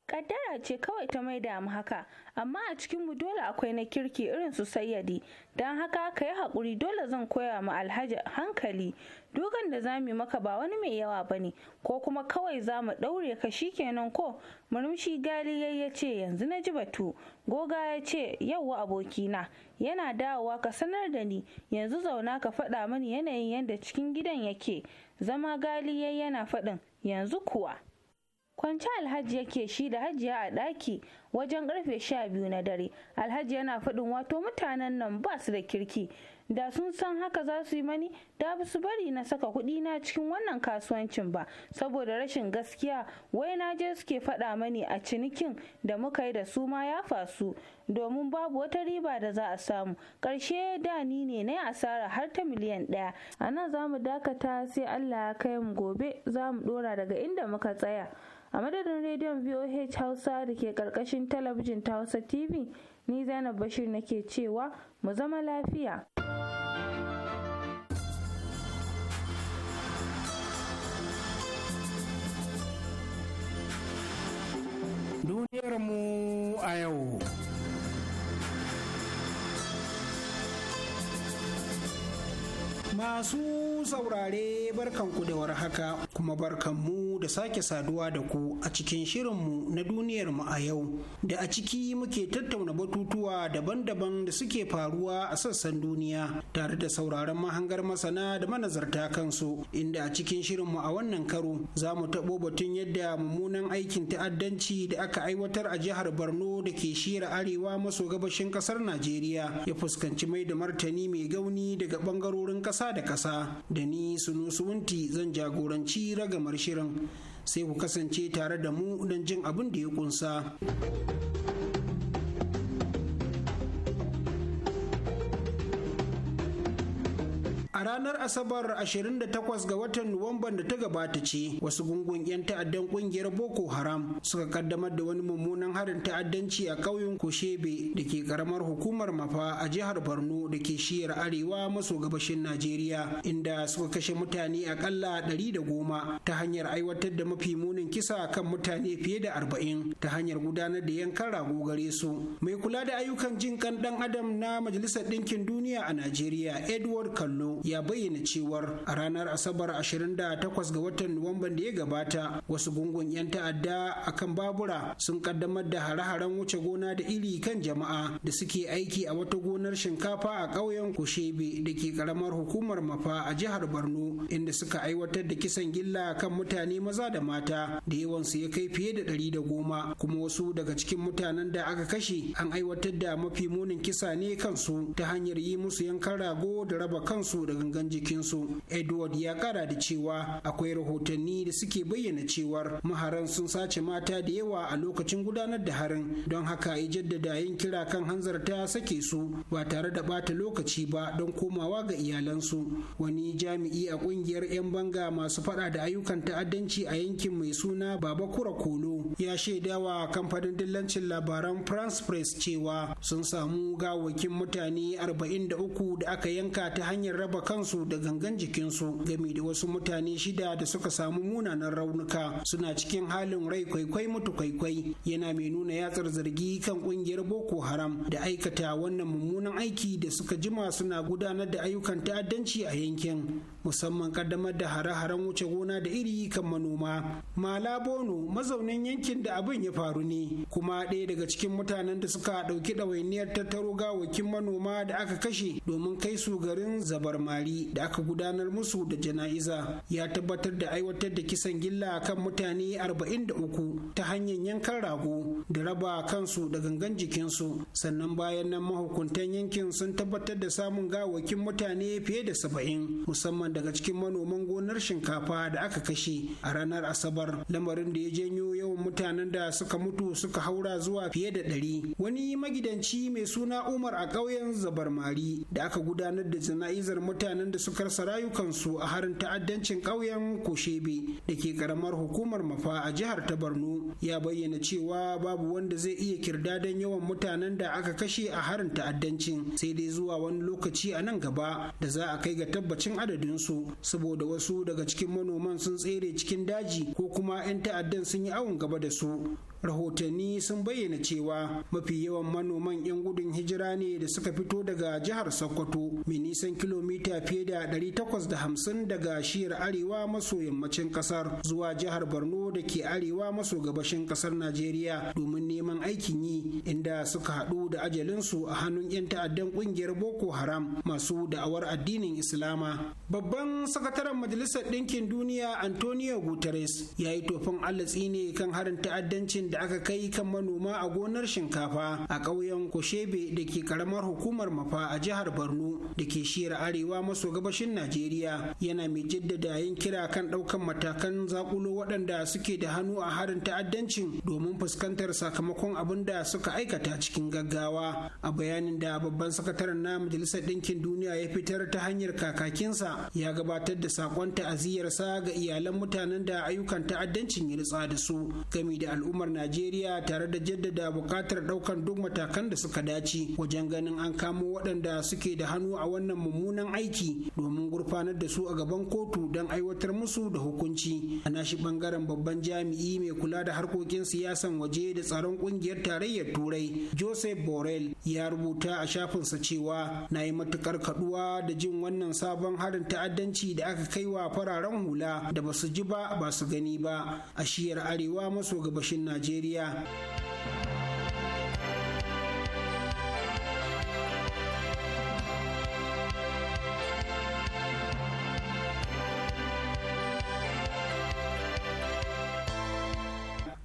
kaddara ce kawai ta maida mu haka amma a cikin mu dole akwai na kirki irin su sayyadi don haka ka yi haƙuri dole zan koya ma alhaji hankali dukan da zamu maka ba wani mai yawa ba ne, ko kuma kawai za mu ɗaure ka shi kenan ko murmushi gali ya ce yanzu na ji batu goga ya ce yauwa abokina yana dawowa ka sanar da ni yanzu zauna ka faɗa mini yanayin yadda cikin gidan yake zama gali yana faɗin yanzu kuwa kwanci alhaji yake shi da hajiya a ɗaki wajen karfe sha biyu na dare alhaji yana faɗin wato mutanen nan ba su da kirki da sun san haka za su yi mani da ba su bari na saka kuɗi na cikin wannan kasuwancin ba saboda rashin gaskiya wai na je suke faɗa mani a cinikin da muka yi da su ma ya fasu domin babu wata riba da za a samu ƙarshe da ni ne na asara har ta miliyan ɗaya a nan za mu dakata sai allah ya kai mu gobe za mu ɗora daga inda muka tsaya a madadin rediyon voh hausa da ke karkashin talabijin ta hausa tv ni zainab bashir nake cewa mu zama lafiya duniyar mu a yau Masu saurare barkanku da haka kuma barkanmu da sake saduwa da ku a cikin shirin mu na duniyar mu a yau da a ciki muke tattauna batutuwa daban-daban da suke faruwa a sassan duniya tare da sauraron mahangar masana da manazarta kansu inda a cikin shirin mu a wannan karo za mu taɓo batun yadda mummunan aikin ta'addanci da aka aiwatar a jihar Borno da ke shira arewa maso gabashin ƙasar Najeriya ya fuskanci mai da martani mai gauni daga ɓangarorin ƙasa ƙasa da ƙasa da ni sunusuwunti zan jagoranci ragamar shirin sai ku kasance tare da mu don jin abin da ya ƙunsa. ranar Asabar 28 ga watan Nuwamban da ta gabata ce wasu gungun 'yan ta'addan kungiyar Boko Haram suka kaddamar da wani mummunan harin ta'addanci a ƙauyen Koshebe da ke karamar hukumar Mafa a jihar Borno da ke shiyar arewa maso gabashin Najeriya inda suka kashe mutane akalla goma ta hanyar aiwatar da mafi munin kisa kan mutane fiye da arba'in ta hanyar gudanar da yankan rago gare su. Mai kula da ayyukan jin kan dan adam na Majalisar Ɗinkin Duniya a Najeriya Edward Kallo ya ya bayyana cewar a ranar Asabar 28 ga watan Nuwamban da ya gabata wasu gungun 'yan ta'adda a kan babura sun kaddamar da hare-haren wuce gona da iri kan jama'a da suke aiki a wata gonar shinkafa a ƙauyen Kushebe da ke karamar hukumar Mafa a jihar Borno inda suka aiwatar da kisan gilla kan mutane maza da mata da yawansu ya kai fiye da ɗari da goma kuma wasu daga cikin mutanen da aka kashe an aiwatar da mafi munin kisa ne kansu ta hanyar yi musu yankan rago da raba kansu daga gangan jikinsu edward ya kara da cewa akwai rahotanni da suke bayyana cewar maharan sun sace mata da yawa a lokacin gudanar da harin don haka ya jaddada yin kira kan hanzarta sake su ba tare da bata lokaci ba don komawa ga iyalansu wani jami'i a kungiyar 'yan banga masu fada da ayyukan ta'addanci a yankin mai suna baba kura kolo ya shaidawa kamfanin dillancin labaran france press cewa sun samu gawakin mutane 43 da aka yanka ta hanyar raba kan kansu da gangan jikinsu gami da wasu mutane shida da suka samu munanan raunuka suna cikin halin rai kwaikwai mutu kwaikwai yana mai nuna yatsar zargi kan kungiyar boko haram da aikata wannan mummunan aiki da suka jima suna gudanar da ayyukan ta'addanci a yankin musamman kaddamar da hare-haren wuce gona da iri kan manoma mala bono mazaunin yankin da abin ya faru ne kuma ɗaya daga cikin mutanen da suka ɗauki ɗawainiyar tattaro gawakin manoma da aka kashe domin kai su garin zabar zabarmari Buhari da aka gudanar musu da jana'iza ya tabbatar da aiwatar da kisan gilla kan mutane 43 ta hanyar yankan rago da raba kansu da gangan jikinsu sannan bayan nan mahukuntan yankin sun tabbatar da samun gawakin mutane fiye da saba'in musamman daga cikin manoman gonar shinkafa da aka kashe a ranar asabar lamarin da ya janyo yawan mutanen da suka mutu suka haura zuwa fiye da ɗari wani magidanci mai suna umar a ƙauyen zabarmari da aka gudanar da jana'izar mutane mutanen da suka rasa rayukansu a harin ta'addancin ƙauyen kushebe da ke karamar hukumar mafa a jihar ta borno ya bayyana cewa babu wanda zai iya kirdadan yawan mutanen da aka kashe a harin ta'addancin sai dai zuwa wani lokaci a nan gaba da za a kai ga tabbacin adadinsu saboda wasu daga cikin manoman sun tsere cikin daji ko kuma 'yan ta'addan sun yi awon gaba da su rahotanni sun bayyana cewa mafi yawan manoman 'yan gudun hijira ne da suka fito daga jihar sokoto mai nisan kilomita fiye da 850 daga shiyar arewa maso yammacin kasar zuwa jihar borno da ke arewa maso gabashin kasar najeriya domin neman aikin yi inda suka haɗu da ajalinsu a hannun 'yan ta'addan ƙungiyar boko haram masu da'awar addinin islama babban sakataren majalisar ɗinkin duniya antonio guterres ya yi tofin allatsi ne kan harin ta'addancin farmakin da aka kai kan manoma a gonar shinkafa a ƙauyen Koshebe da ke karamar hukumar Mafa a jihar Borno da ke shiyar arewa maso gabashin Najeriya yana mai jaddada yin kira kan ɗaukan matakan zakulo waɗanda suke da hannu a harin ta'addancin domin fuskantar sakamakon abin da suka aikata cikin gaggawa a bayanin da babban sakataren na Majalisar Ɗinkin Duniya ya fitar ta hanyar kakakinsa ya gabatar da sakon ta'aziyarsa ga iyalan mutanen da ayyukan ta'addancin ya ritsa da su game da al'ummar najeriya tare da jaddada bukatar ɗaukar duk matakan da suka dace wajen ganin an kamo waɗanda suke da hannu a wannan mummunan aiki domin gurfanar da su a gaban kotu don aiwatar musu da hukunci a nashi ɓangaren babban jami'i mai kula da harkokin siyasan waje da tsaron ƙungiyar tarayyar turai joseph borrell ya rubuta a shafinsa cewa na yi matukar kaduwa da jin wannan sabon harin ta'addanci da aka kai wa fararen hula da ba su ji ba ba su gani ba a shiyar arewa maso gabashin najeriya najeriya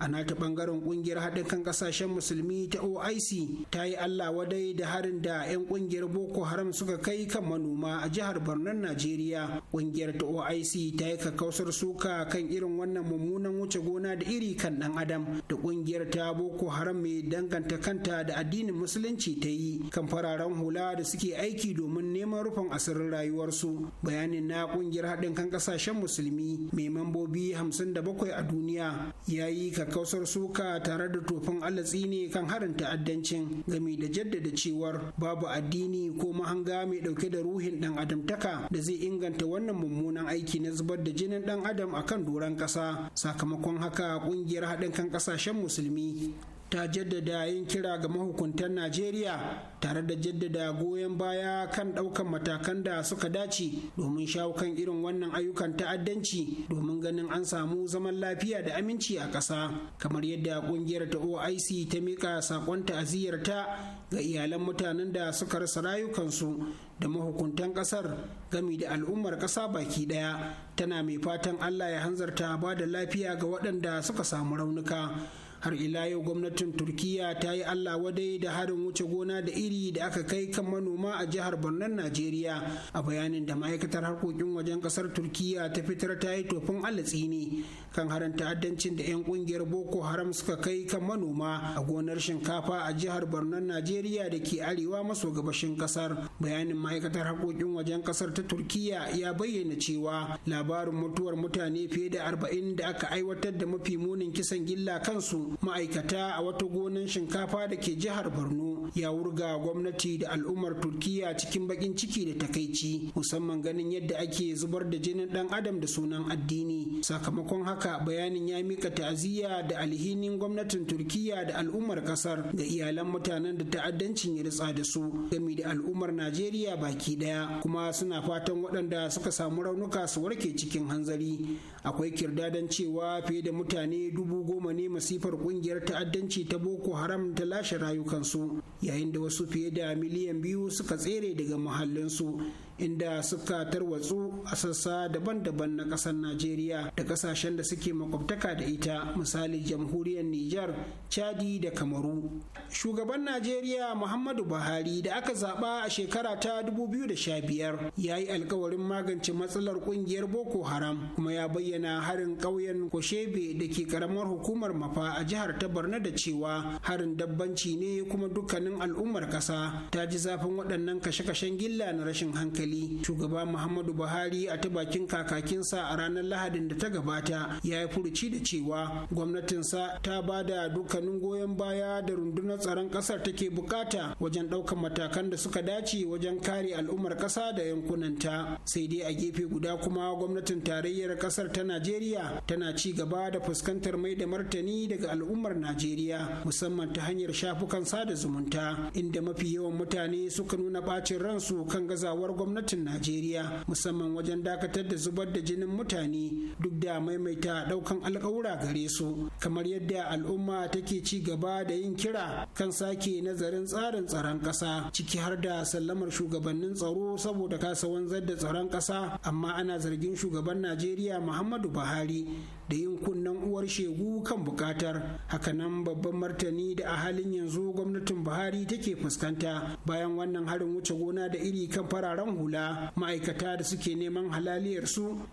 a nata bangaren kungiyar haɗin kan ƙasashen musulmi ta oic ta yi allah wadai da harin da 'yan kungiyar boko haram suka kai kan manoma a jihar Borno najeriya kungiyar ta oic ta yi kakkausar suka kan irin wannan mummunan wuce gona da iri kan ɗan adam da kungiyar ta boko haram mai danganta kanta da addinin musulunci ta yi kan fararen hula da suke aiki domin neman rufin asirin rayuwarsu bayanin na kungiyar haɗin kan ƙasashen musulmi mai mambobi 57 a duniya ya yi kausar suka tare da tofin allah ne kan harin ta'addancin gami da jaddada cewar babu addini ko mahanga mai dauke da ruhin dan adamtaka da zai inganta wannan mummunan aiki na zubar da jinin dan adam akan doron kasa sakamakon haka kungiyar haɗin kan ƙasashen musulmi ta jaddada yin kira ga mahukuntan najeriya tare da jaddada goyon baya kan ɗaukan matakan da suka dace domin shawo kan irin wannan ayyukan ta'addanci domin ganin an samu zaman lafiya da aminci a ƙasa kamar yadda ƙungiyar ta oic ta miƙa saƙon ta'aziyyarta ga iyalan mutanen da suka rasa rayukansu da mahukuntan ƙasar gami da al'ummar ƙasa baki ɗaya tana mai fatan allah ya hanzarta ba da lafiya ga waɗanda suka samu raunuka har ila yau gwamnatin turkiya ta yi allah wadai da harin wuce gona da iri da aka kai kan manoma a jihar bornan Najeriya a bayanin da ma'aikatar harkokin wajen kasar Turkiya ta fitar ta yi tofin alatsi ne kan harin ta'addancin da 'yan kungiyar Boko Haram suka kai kan manoma a gonar shinkafa a jihar bornan Najeriya da ke arewa maso gabashin kasar. Bayanin ma'aikatar harkokin wajen kasar ta Turkiya ya bayyana cewa labarin mutuwar mutane fiye da arba'in da aka aiwatar da mafi munin kisan gilla kansu ma'aikata a wata gonan shinkafa da ke jihar borno ya wurga gwamnati da al'ummar turkiya cikin bakin ciki da takaici musamman ganin yadda ake zubar da jinin dan adam da sunan addini sakamakon haka bayanin ya mika ta'aziyya da alhinin gwamnatin turkiya da al'ummar kasar Da iyalan mutanen da ta'addancin ya ritsa da su gami da al'ummar najeriya baki daya kuma suna fatan waɗanda suka samu raunuka su warke cikin hanzari akwai kirdadan cewa fiye da mutane dubu goma ne masifar ƙungiyar ta'addanci ta boko haram ta lashe rayukansu yayin da wasu fiye da miliyan biyu suka tsere daga muhallinsu inda suka tarwatsu a sassa daban-daban na ƙasar najeriya da ƙasashen da suke makwabtaka da ita misali jamhuriyar nijar chadi da kamaru shugaban najeriya muhammadu buhari da aka zaɓa a shekara ta 2015 ya yi alkawarin magance matsalar ƙungiyar boko haram kuma ya bayyana harin ƙauyen koshebe da ke karamar hukumar mafa a jihar ta barna da cewa harin dabbanci ne kuma dukkanin al'ummar ƙasa ta ji zafin waɗannan kashe-kashen gilla na rashin hankali hankali shugaba muhammadu buhari a ta bakin kakakinsa a ranar lahadin da ta gabata ya yi furuci da cewa gwamnatinsa ta ba da dukkanin goyon baya da rundunar tsaron kasar take bukata wajen ɗaukar matakan da suka dace wajen kare al'ummar ƙasa da yankunanta sai dai a gefe guda kuma gwamnatin tarayyar ƙasar ta najeriya tana ci gaba da fuskantar mai da martani daga al'ummar najeriya musamman ta hanyar shafukan sada zumunta inda mafi yawan mutane suka nuna bacin ransu kan gazawar gwamnati gwamnatin najeriya musamman wajen dakatar da zubar da jinin mutane duk da maimaita daukan alkawura gare su kamar yadda al'umma take ci gaba da yin kira kan sake nazarin tsarin tsaron ƙasa ciki har da sallamar shugabannin tsaro saboda kasa wanzar da tsaron ƙasa amma ana zargin shugaban najeriya muhammadu buhari da yin kunnen uwar shegu kan bukatar hakanan babban martani da a halin yanzu gwamnatin buhari take fuskanta bayan wannan harin wuce gona da iri kan fararen hula ma'aikata da suke neman halaliyar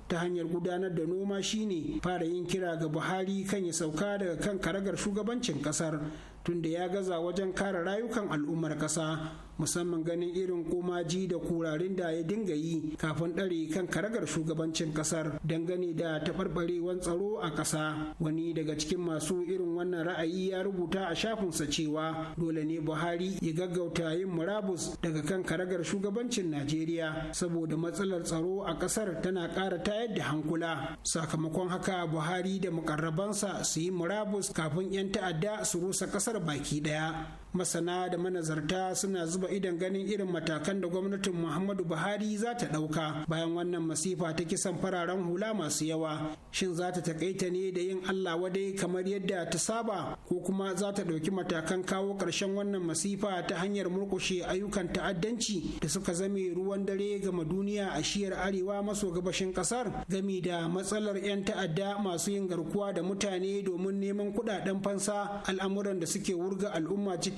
ta hanyar gudanar da noma shine fara yin kira ga buhari kan ya sauka daga kan karagar shugabancin kasar tunda ya gaza wajen kare rayukan al'ummar kasa musamman ganin irin komaji da kurarin da ya dinga yi kafin ɗare kan karagar shugabancin ƙasar dangane da taɓarɓarewan tsaro a ƙasa wani daga cikin masu irin wannan ra'ayi ya rubuta a shafinsa cewa dole ne buhari ya gaggauta yin murabus daga kan karagar shugabancin najeriya saboda matsalar tsaro a ƙasar tana ƙara tayar da hankula sakamakon haka buhari da mukarrabansa su yi murabus kafin 'yan ta'adda su rusa ƙasar baki ɗaya masana da manazarta suna zuba idan ganin irin matakan da gwamnatin muhammadu buhari za ta ɗauka bayan wannan masifa ta kisan fararen hula masu yawa shin za ta takaita ne da yin allah wadai kamar yadda ta saba ko kuma za ta ɗauki matakan kawo ƙarshen wannan masifa ta hanyar murƙushe ayyukan ta'addanci da suka zame ruwan dare gama duniya a shiyar arewa maso gabashin ƙasar gami da matsalar 'yan ta'adda masu yin garkuwa da mutane domin neman kuɗaɗen fansa al'amuran da suke wurga al'umma ciki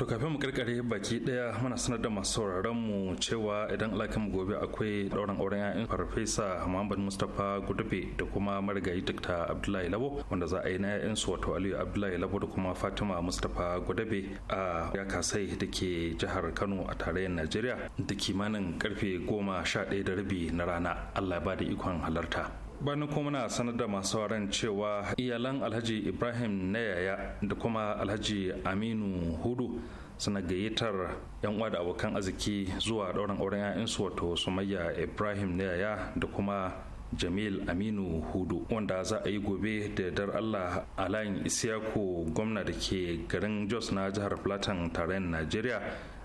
to kafin mu karkare baki daya muna sanar da masu sauraron mu cewa idan alakan gobe akwai dauran auren yayin farfesa Muhammad Mustapha Gudube da kuma marigayi Dr. Abdullahi Labo wanda za a yi na yayin su wato Aliyu Abdullahi Labo da kuma Fatima Mustapha Gudube a ya kasai da ke jihar Kano a tarayyar Najeriya da kimanin karfe goma sha ɗaya da rabi na rana Allah ya ba da ikon halarta. Bani kuma na sanar da masu sauran cewa iyalan alhaji ibrahim na yaya da kuma alhaji aminu hudu suna gayyatar yan uwa da abokan arziki zuwa ɗaurin auren 'ya'yansu wato sumayya ibrahim na yaya da kuma jamil aminu hudu wanda za a yi gobe da dar allah a layin isiyaku gwamna da ke garin jos na jihar plateau tare najeriya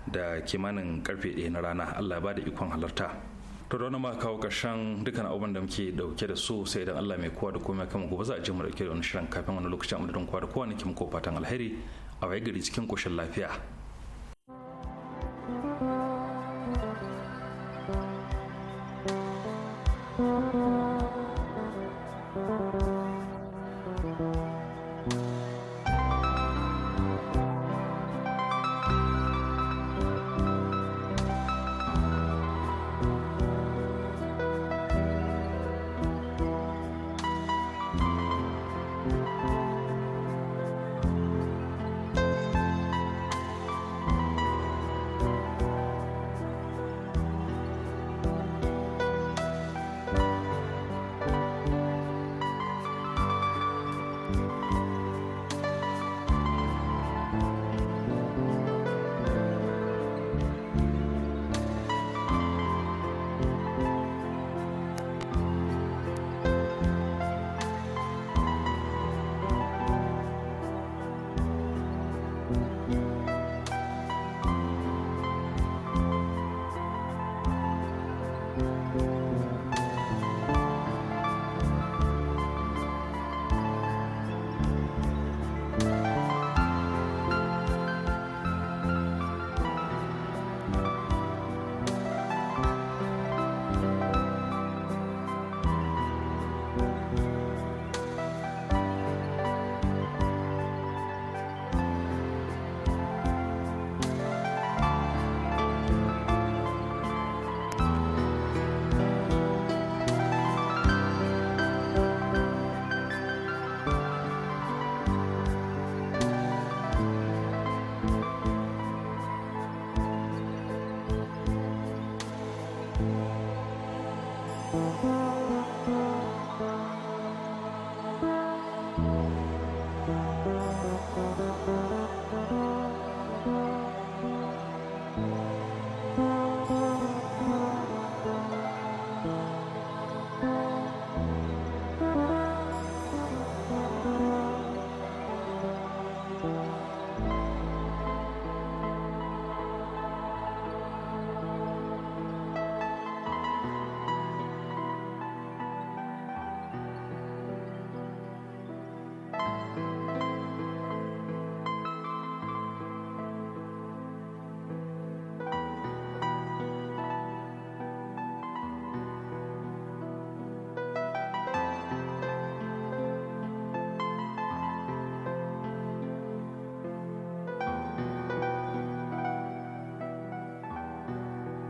da kimanin karfe 1 na rana allah ba da ikon halarta to da ma kawo ƙarshen dukkan abubuwan da muke dauke da su sai idan Allah mai kowa da kuma kan gobe za a je mu dauke da wani shirin kafin wani lokacin amadadin kowa da kowa ke muku fatan alheri a waye gari cikin koshin lafiya